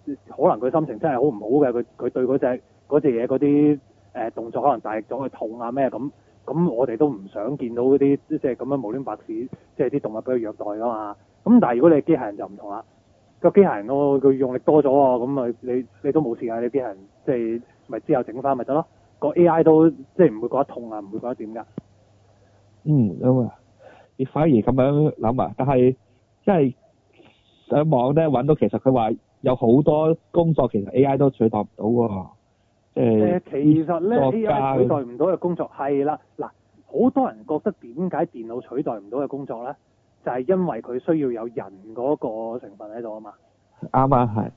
可能佢心情真係好唔好嘅，佢佢對嗰隻嗰隻嘢嗰啲誒動作可能大力咗去痛啊咩咁咁，我哋都唔想見到嗰啲即係咁樣無端白事，即係啲動物俾佢虐待㗎嘛。咁但係如果你係機械人就唔同啦。個機械人我佢用力多咗啊，咁咪，你你都冇事啊，你啲人即係咪之後整翻咪得咯？個 A I 都即係唔會覺得痛啊，唔會覺得點噶？嗯，咁啊，你反而咁樣諗啊，但係即係上網咧揾到其實佢話有好多工作其實 A I 都取代唔到喎，即、呃、係其實咧，AI 取代唔到嘅工作係啦，嗱，好多人覺得點解電腦取代唔到嘅工作咧？就係因為佢需要有人嗰個成分喺度啊嘛，啱啊，係，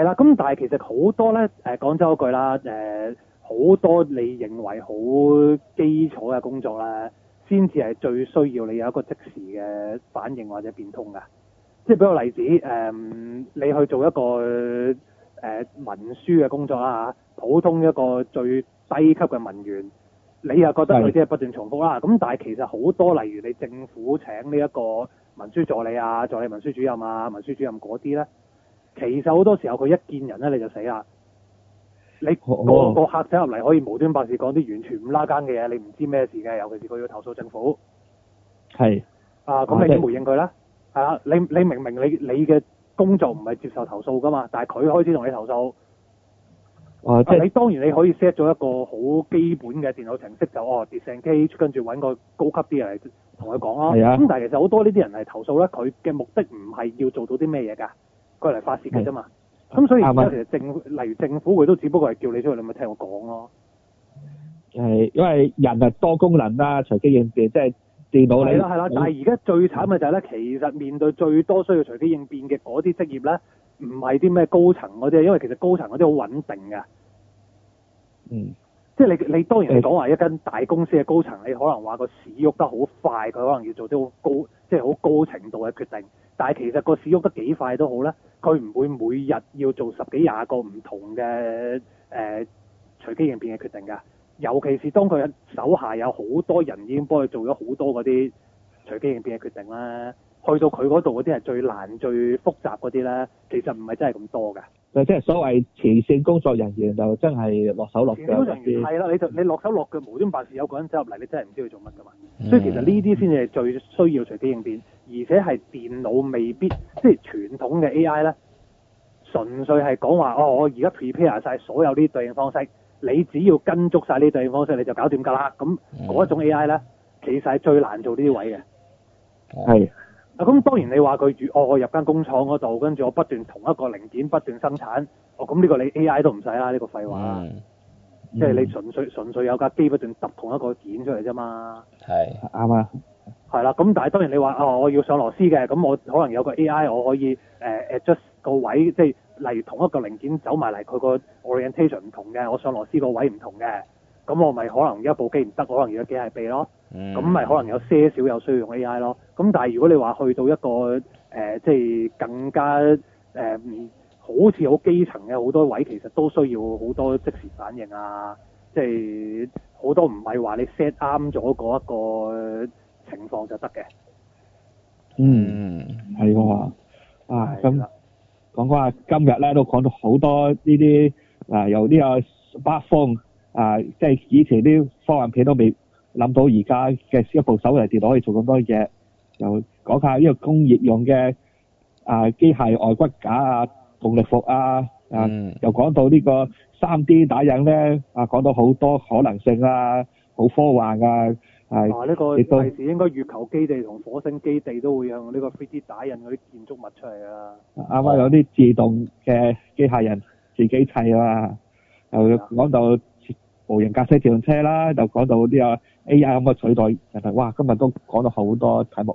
係啦，咁但係其實好多咧，誒講真句啦，誒、呃、好多你認為好基礎嘅工作咧，先至係最需要你有一個即時嘅反應或者變通㗎，即係比個例子，誒、呃、你去做一個誒、呃、文書嘅工作啦嚇、啊，普通一個最低級嘅文員。你又覺得佢即係不斷重複啦，咁是但係其實好多例如你政府請呢一個文書助理啊、助理文書主任啊、文書主任嗰啲咧，其實好多時候佢一見人咧，你就死啦，你個、哦、個客仔入嚟可以無端白事講啲完全唔拉更嘅嘢，你唔知咩事嘅，尤其是佢要投訴政府。係是。啊，咁你點回應佢咧？係啊的，你你明明你你嘅工作唔係接受投訴噶嘛，但係佢開始同你投訴。哦，即、啊、你當然你可以 set 咗一個好基本嘅電腦程式就哦，a 定 e 跟住搵個高級啲人嚟同佢講咯啊。啊，咁但係其實好多呢啲人嚟投訴咧，佢嘅目的唔係要做到啲咩嘢㗎，佢嚟發泄㗎啫嘛。咁是所以而家吧其實政例如政府佢都只不過係叫你出去，你咪聽我講咯。係、啊，因為人係多功能啦，隨機應變即係電腦你係咯但係而家最慘嘅就係、是、咧，其實面對最多需要隨機應變嘅嗰啲職業咧。唔係啲咩高層嗰啲，因為其實高層嗰啲好穩定㗎，嗯，即係你你當然係講話一間大公司嘅高層，你可能話個市喐得好快，佢可能要做啲好高，即係好高程度嘅決定。但係其實個市喐得幾快都好咧，佢唔會每日要做十幾廿個唔同嘅誒、呃、隨機應變嘅決定㗎。尤其是當佢手下有好多人已經幫佢做咗好多嗰啲隨機應變嘅決定啦。去到佢嗰度嗰啲係最難、最複雜嗰啲咧，其實唔係真係咁多㗎。即係所謂前線工作人員就真係落手落腳。係啦人員，你就你落手落腳，無端白事有個人走入嚟，你真係唔知佢做乜㗎嘛。嗯、所以其實呢啲先係最需要隨機應變，而且係電腦未必即係傳統嘅 A I 咧，純粹係講話哦，我而家 prepare 晒所有啲對應方式，你只要跟足晒呢對應方式，你就搞掂㗎啦。咁嗰一種 A I 咧，其實係最難做呢啲位嘅。係、嗯。嗯咁當然你話佢住我入間工廠嗰度，跟住我不斷同一個零件不斷生產，哦，咁呢個你 AI 都唔使啦，呢個廢話，即係你純粹純粹有架機不斷揼同一個件出嚟啫嘛，係啱啊，係、嗯、啦，咁、嗯嗯、但係當然你話啊、哦，我要上螺絲嘅，咁我可能有個 AI 我可以誒、呃、adjust 個位，即係例如同一個零件走埋嚟，佢個 orientation 唔同嘅，我上螺絲個位唔同嘅。咁我咪可能一部機唔得，可能用嘅機械臂咯。咁咪、嗯、可能有些少有需要用 AI 咯。咁但係如果你話去到一個、呃、即係更加、呃、好似好基層嘅好多位，其實都需要好多即時反應啊！即係好多唔係話你 set 啱咗嗰一個情況就得嘅、嗯。嗯，係㗎。啊，咁的講講下今日咧，都講到好多呢啲啊，由呢個北風。啊！即係以前啲科幻片都未諗到，而家嘅一部手提電腦可以做咁多嘢。又講下呢個工業用嘅啊機械外骨架啊，動力服啊，啊，又講到呢個 3D 打印咧，啊，講到好多可能性啊，好科幻啊。啊！呢個到時應該月球基地同火星基地都會用呢個 3D 打印嗰啲建築物出嚟啊。啱啱有啲自動嘅機械人自己砌啊，又講到，無人駕駛自動車啦，就講到啲啊 A R 咁嘅取代，就係哇，今日都講到好多題目。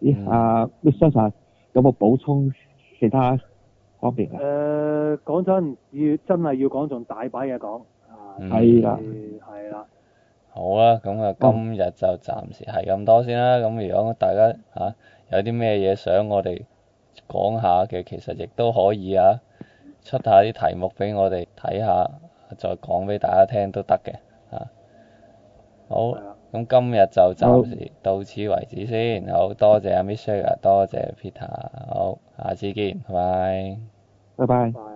咦，阿 Mr.、嗯啊、有冇補充其他方面啊？誒、呃，講真，要真係要講，仲大把嘢講啊！係啦，係啦。好啦，咁啊，今日就暫時係咁多先啦。咁、嗯、如果大家吓、啊、有啲咩嘢想我哋講下嘅，其實亦都可以啊，出下啲題目俾我哋睇下。再講俾大家聽都得嘅。好，咁今日就暫時到此為止先，好多謝阿 MythSearcher，多謝 Peter，好，下次見，拜拜，拜拜。